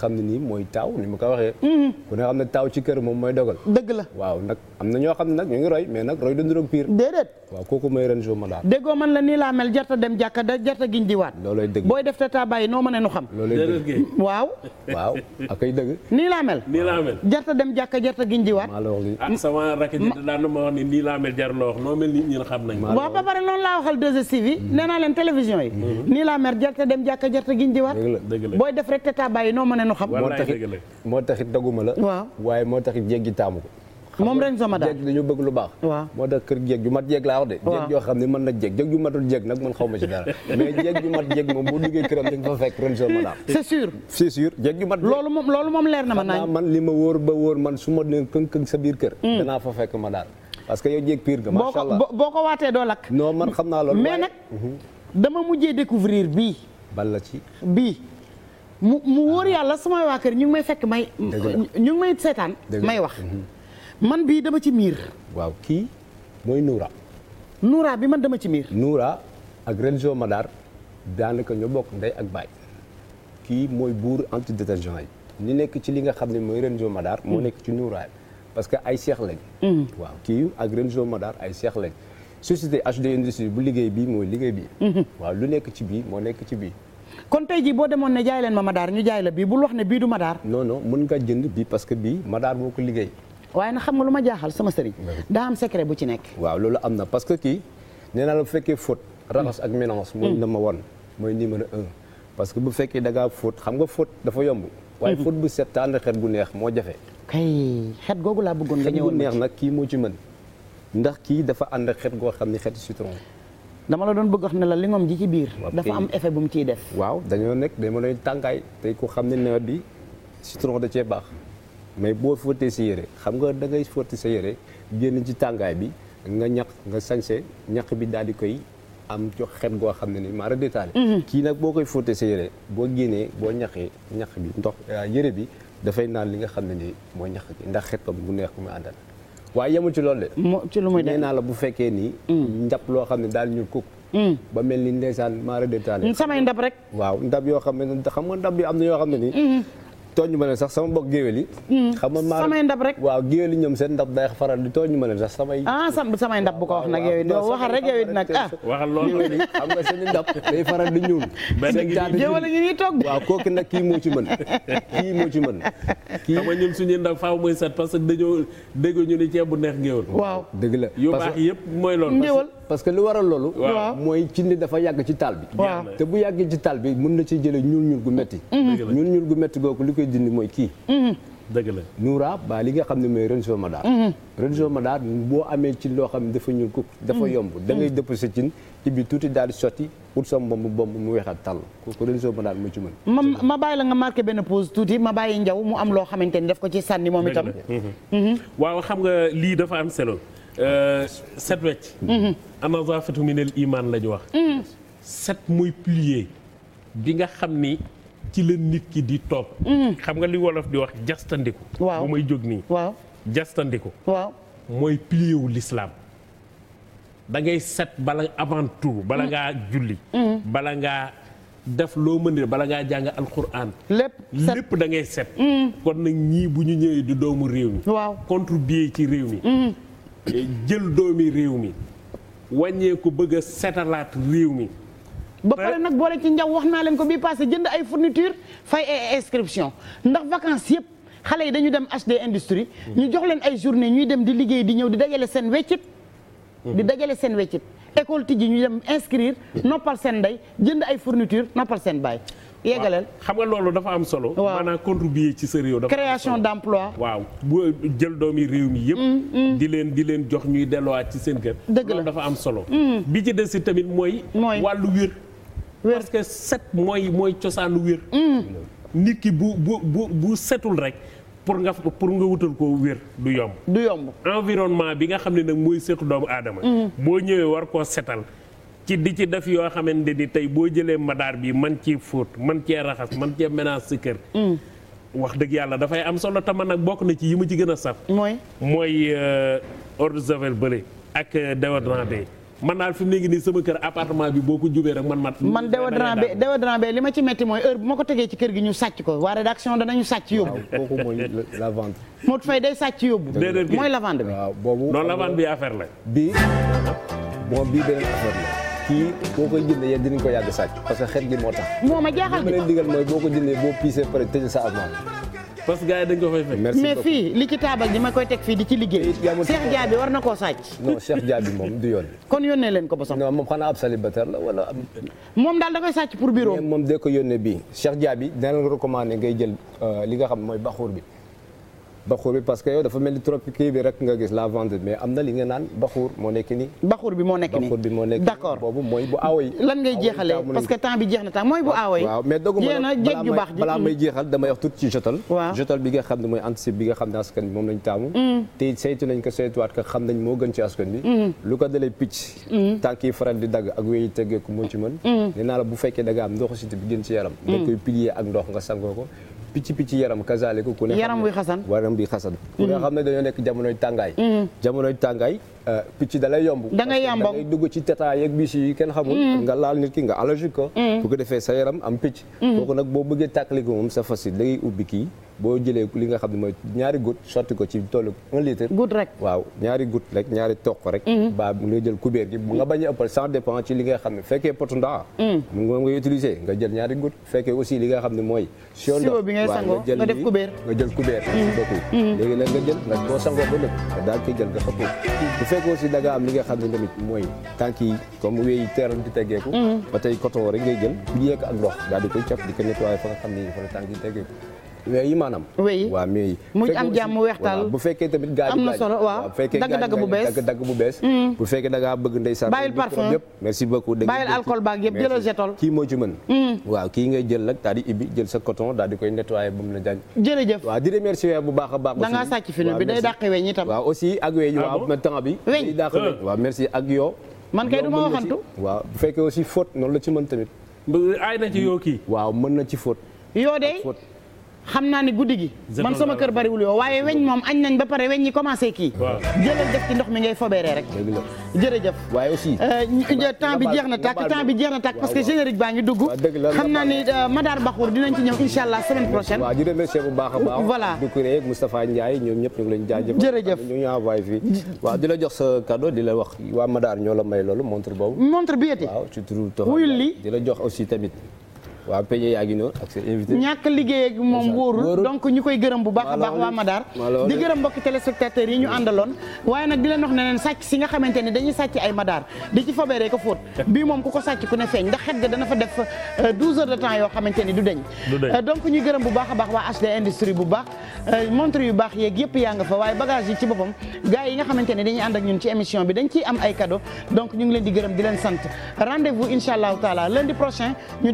xam ne nii mooy taaw ni ma ko waxee. Mhm. ku ne xam ne taaw ci kër moom mooy dogal. dëgg la waaw nag am na ñoo xam ne ñu ngi roy mais nag roy dundu roog piir. la nii laa mel jarta dem jàkka da jarta giñ di waat. loolooy dëgg booy def te a nu xam. loolooy dëgg waaw. waaw akay dëgg. nii laa mel. nii laa mel jarta dem jàkka jarta giñ di la wax nii ah sama rakk ji na ma xam nañ. waaw ba pare noonu waxal 2STV mm. nee naa leen seen télévision yi mhm. nii laa mer jarte dem jàkka jarte giñ jiwaat booy def rek te taa bàyyi noo mën a nu xam moo taxit daguma la waaw waaye moo taxit jéggi taamu ko moom ren sama daal jéeg dañu bëgg lu baax waaw moo tax kër jéeg mais man li ma wóor ba wóor man su këng këng sa biir kër mm. danaa fa fekk ma daal parce que yow jéeg piir nga boo ko waatee doo lakk non man xam naa loolu mais dama mujje découvrir bii. bal la ci bii. mu mu yàlla sama waa kër ñu ngi may fekk may. ñu ngi may seetaan. may wax. Mhm. man bii dama ci miir. waaw kii mooy nuura Noura bi man dama ci miir. Noura ak Renzo Madar daanaka ñu bokk ndey ak baay. kii mooy buur antidétergent yi. ñi nekk ci li nga xam ne mooy Renzo Madar. moo mm. nekk ci Noura parce que ay seex lañ. Mm. waaw kii ak Renzo Madar ay seex lañ. société HD industrie bu liggéey bii mooy liggéey bi mhm. waaw lu nekk ci bii moo nekk ci bii kon tey boo demoon ne jaay leen ma madaar ñu jaay la bii bul wax ne bii du madaar non non mën nga jënd bii parce que bii madaar moo ko liggéey waaye na xam nga lu ma jaaxal sama sëriñ daa am secret bu ci nekk waaw loolu am na parce que kii nee naa la bu fekkee faute raxas ak mélange mooy na ma won mooy numéro un parce que bu fekkee da ngaa faute xam nga faute dafa yomb waaye mhm. faute bu set te gu neex moo jafe kay xet googu laa bëggoon nga neex nag kii moo ci mën ndax kii dafa ànd ak xet goo xam ne xetu citron dama la doon bëgg wax ne la lingom ji ci biir dafa am effet bu mu ciy def waaw dañoo nekk dama lay tàngaay tey ku xam ne nawet bi citron da cee baax mais boo fóotee sa yére xam nga da ngay fóote sa yére génn ci tàngaay bi nga ñaq nga sañse ñaq bi daal di koy am jox xet goo xam ne ni maara détaillé mhm. kii nag boo koy fóotee sa yére boo génnee boo ñaqee ñaq bi ndox euh, yére bi dafay naan li nga xam ne ni ñaq gi ndax xet ko bu neex bu mu àndal waaye yemul ci loolu de. ci lu muy def nee naa la bu fekkee nii. Mm. njàpp loo xam ne daal ñu kuk. Mm. ba mel ni ndeysaan maara de taale. samay ndab rek. waaw ndab yoo xam ne xam nga ndab bi am na yoo xam ne nii. Mm-hmm. tooñ ma leen sax sama mbokk géwél yi. Hmm. xam nga maa samay ndab rek. waaw géwél yi ñoom seen faral di tooñ ma sax ah, samay. ndab bu ko wax nag yow it waxal rek yow it nag ah. waxal loolu la xam nga seen ndab day faral di ñuul. géwél yi ñuy toog waaw kooku nag kii moo ci mën kii moo ci mën. kii xam nga ñun suñuy ndab faaw mooy set parce que dañoo dégg ñu ni ceeb bu neex géwél. waaw dëgg la parce que yu baax yëpp mooy loolu. parce que lu waral loolu. mooy cin dafa yàgg ci taal bi. te bu yàggee ci taal bi mën na ci jëlee ñuul ñuul gu metti mm-hmm. ñuul ñuul gu metti googu li koy dindi mooy kii. Mm-hmm. dëgg la li nga xam ne mooy Renzo Madar. Mm-hmm. Renzo Madar boo amee cin loo xam ne dafa ñuul kuk. dafa yomb da ngay dëpp sa cin ibi tuuti daal di sotti ut sa mbomb bomb mu weexaat tàll kooku Renzo Madar mu ci mën. ma ma bàyyi la nga marqué benn pose tuuti ma bàyyi njaw mu am loo xamante ni daf ko ci sànni moom itam. waaw xam nga lii dafa am solo. Euh, set wecc mhm. ana zaafatu minel iman la ñu wax mhm. set mooy plier bi nga xam ni ci la nit ki di toog mhm. xam nga li wolof di wax jastandiku bu may jóg nii jastandiku mooy plier lislaam l'islam da ngay set bala avant tout bala ngaa julli bala ngaa def loo mën de bala ngaa jàng alquran lépp lépp da ngay set kon nag ñii bu ñu ñëwee di doomu réew mi waaw contribuer ci réew mi jël doomi réew mi wàññeeku bëgg a setalaat réew mi. ba pare nag boole ci njaw wax naa leen ko bii passé jënd ay fourniture fay ay inscription ndax vacances yëpp xale yi dañu dem HD industrie. ñu jox leen ay journée ñuy dem di liggéey di ñëw di dajale seen weccit. di dajale seen weccit école tijji ñu dem inscrir noppal seen ndey jënd ay fourniture noppal seen baay. yeggalal xam nga loolu dafa am solo. waaw maanaam contribuer ci sa réew. dafa création d' emploi. waaw bu jël doomi réew mi yëpp. Mm, mm. di leen di leen jox ñuy delluwaat ci seen gën dëgg la dafa am solo. Mm. bi ci des tamit mooy. mooy wàllu wér. wér que set mooy mooy cosaanu wér. nit ki bu bu bu setul rek. pour nga pour nga wutal ko wér du yomb. du yomb environnement bi nga xam ne nag mooy seetu doomu aadama. boo ñëwee war koo setal. ci di ci def yoo xamante ni tey boo jëlee madaar bi man ci fóot man cee raxas man cee ménage si kër mm. wax dëgg yàlla dafay am solo te man nag bokk na ci yi ma ci gën a saf mooy mooy euh, eau de ak bële ak euh, déodorant bi man daal fi mu nekk nii sama kër appartement bi boo ko jubee rek man ma man déodorant bi déodorant bi li ma ci metti mooy heure bu ma ko tegee ci kër gi ñu sàcc ko waa rédaction danañu sàcc yóbbu kooku mooy lavande moo fay day sàcc yóbbu déedéet mooy lavande bi waaw boobu kii boo koy jëndee yéen dinañ ko yàgg sàcc parce que xet gi moo tax. moo a jaaxal li ma boo ko jëndee boo piisee pare tëj sa asmaan. parce fii li ci taabal ji ma koy teg fii di ci liggéey. Cheikh Diaby war na koo sàcc. non Cheikh Diaby moom du yoon. kon yónnee leen ko bosom. non moom xanaa ab célibataire la wala. moom daal da koy sàcc pour bureau. moom de ko yónnee bii Cheikh Diaby dina leen recommander ngay jël euh, li nga xam mooy baxuur bi baxuur bi parce que yow dafa mel ni tropique bi rek nga gis la vente mais am na li nga naan baxuur moo nekk nii. baxuur bi moo nekk nii baxuur boobu mooy bu aawo yi. lan ngay jeexalee parce que temps bi jeex na taamu. Mm. te saytu nañ ko saytuwaat ko xam nañ moo gën ci askan bi. Mm. lu ko dalee picc. Mm. tànk yi faral di dagg ak wéy teggeeku moo ci mën. nee naa la bu fekkee da nga am ndoxu bi gën ci yaram. nga koy pilier ak ndox nga sangoo ko picc picc yaram kasaale ko ku ne yaram buy xasan waram bi xasan ku ne mm-hmm. xam ne dañoo nekk jamonoy tàngaay mm-hmm. jamonoy tàngaay Euh, picc da lay yomb. da ngay yomb da ngay dugg ci tetaay yeeg bis yi kenn xamul. Mm. nga laal nit ki nga allergique ko. Mm. ko defee sa yaram am picc. Mm. kooku boo bëggee tàqali ko moom sa fas yi da ngay ubbi kii boo jëlee li nga xam ne mooy ñaari goutte sotti ko ci tollu un litre. goutte rek waaw ñaari goutte rek ñaari toq rek. ba nga jël kubéer gi bu nga bañ a ëppal li nga xam ne fekkee potu ndaa. moom nga jël ñaari goutte fekkee aussi li nga xam ne mooy. sio bi ngay sangoo nga def kubéer nga jël kubéer. léegi nag nga jël nga boo sangoo ba lépp daal koy jël fekk aussi da am li nga xam ne tamit mooy tànk yi comme wéy teeral di teggeeku mhm. ba tey coton rek ngay jël liyeeko ak ndox daa di koy cot di ko nettoyé fa nga xam ne fa la tànk yi wey yi maanaam. wey waaw mais. mu am jàmm weextal bu fekkee tamit gaa am na solo waaw dagg-dagg bu bees dagg bu bees. bu fekkee da ngaa bëgg ndeysaan. bàyyil parfum yëpp merci beaucoup. bàyyil alcool baag yëpp jëlal jetol kii moo ci mën. Mm. waaw kii ngay jël nag daal di ibbi jël sa coton daal di koy nettoyer ba mu la jañ. jërëjëf waaw di remercier bu baax a baax. da ngaa sàcc film bi day dàqe weñ itam. waaw merci ak yoo. man kay du ma waxantu. waaw bu fekkee aussi faute noonu la ci mën tamit. na ci yoo kii. waaw mën na ci faute. yoo de xam naa ne guddi gi man sama kër bariwul yoo waaye weñ moom añ nañ ba pare weñ ñi commencé kii jëlal def ci ndox mi ngay fobeeree rek jërëjëf waaye aussi euh, temps bi jeex na tàkk temps bi jeex na tak parce que générique baa ngi dugg xam naa ni euh, Madar Bakhour dinañ ci ñëw incha allah semaine prochaine waaw di remercier bu baax a baax ñoom ñëpp ñu ngi leen jaajëf jërëjëf ñu ñu envoyé fii waaw di la jox sa cadeau di la wax waa Madar ñoo la may loolu montre boobu montre bi yete di la jox aussi tamit waa peñe yaa ngi ñàkk liggéey ak moom wóorul donc ñu koy gërëm bu baax a baax waa Madaar di gërëm mbokki téléspectateurs yi ñu àndaloon waaye nag di leen wax ne leen sàcc si nga xamante ne dañuy sàcc ay Madaar di ci fobeeree ko fóot bii moom ku ko sàcc ku ne feeñ ndax xet ga dana fa def 12 euh, heures de temps yoo xamante ni du deñ euh, donc ñuy gërëm bu baax a baax waa HD industrie bu baax euh, montre yu baax yeeg yaa nga fa waaye bagage yi ci boppam gars yi nga xamante ne dañuy ànd ak émission bi dañ am ay cadeau donc ñu ngi leen di gërëm di leen sant rendez-vous incha allahu taala lundi prochain ñu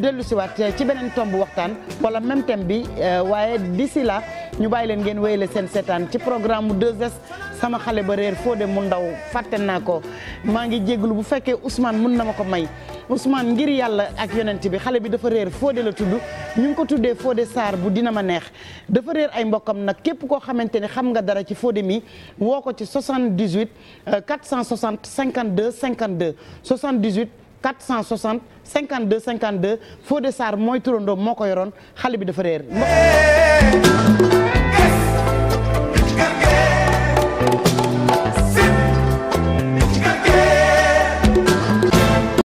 Euh, ci beneen tomb waxtaan wala même thème bi euh, waaye d'ici là ñu bàyyi leen ngeen wéyale seen seetaan ci programme mu 2S sama xale ba réer foo de mu ndaw fàtte naa ko maa ngi jégalu bu fekkee Ousmane mun na ma ko may Ousmane ngir yàlla ak yonent bi xale bi dafa reer Fodé la tudd ñu ngi ko tuddee Fodé Sarr bu dina ma neex dafa réer ay mbokkam nag képp koo xamante ni xam nga dara ci Fodé mi woo ko ci 78 460 52 52 78. 460 52 52 Fodé Sarr mooy turandoom moo ko yoroon xale bi dafa réer.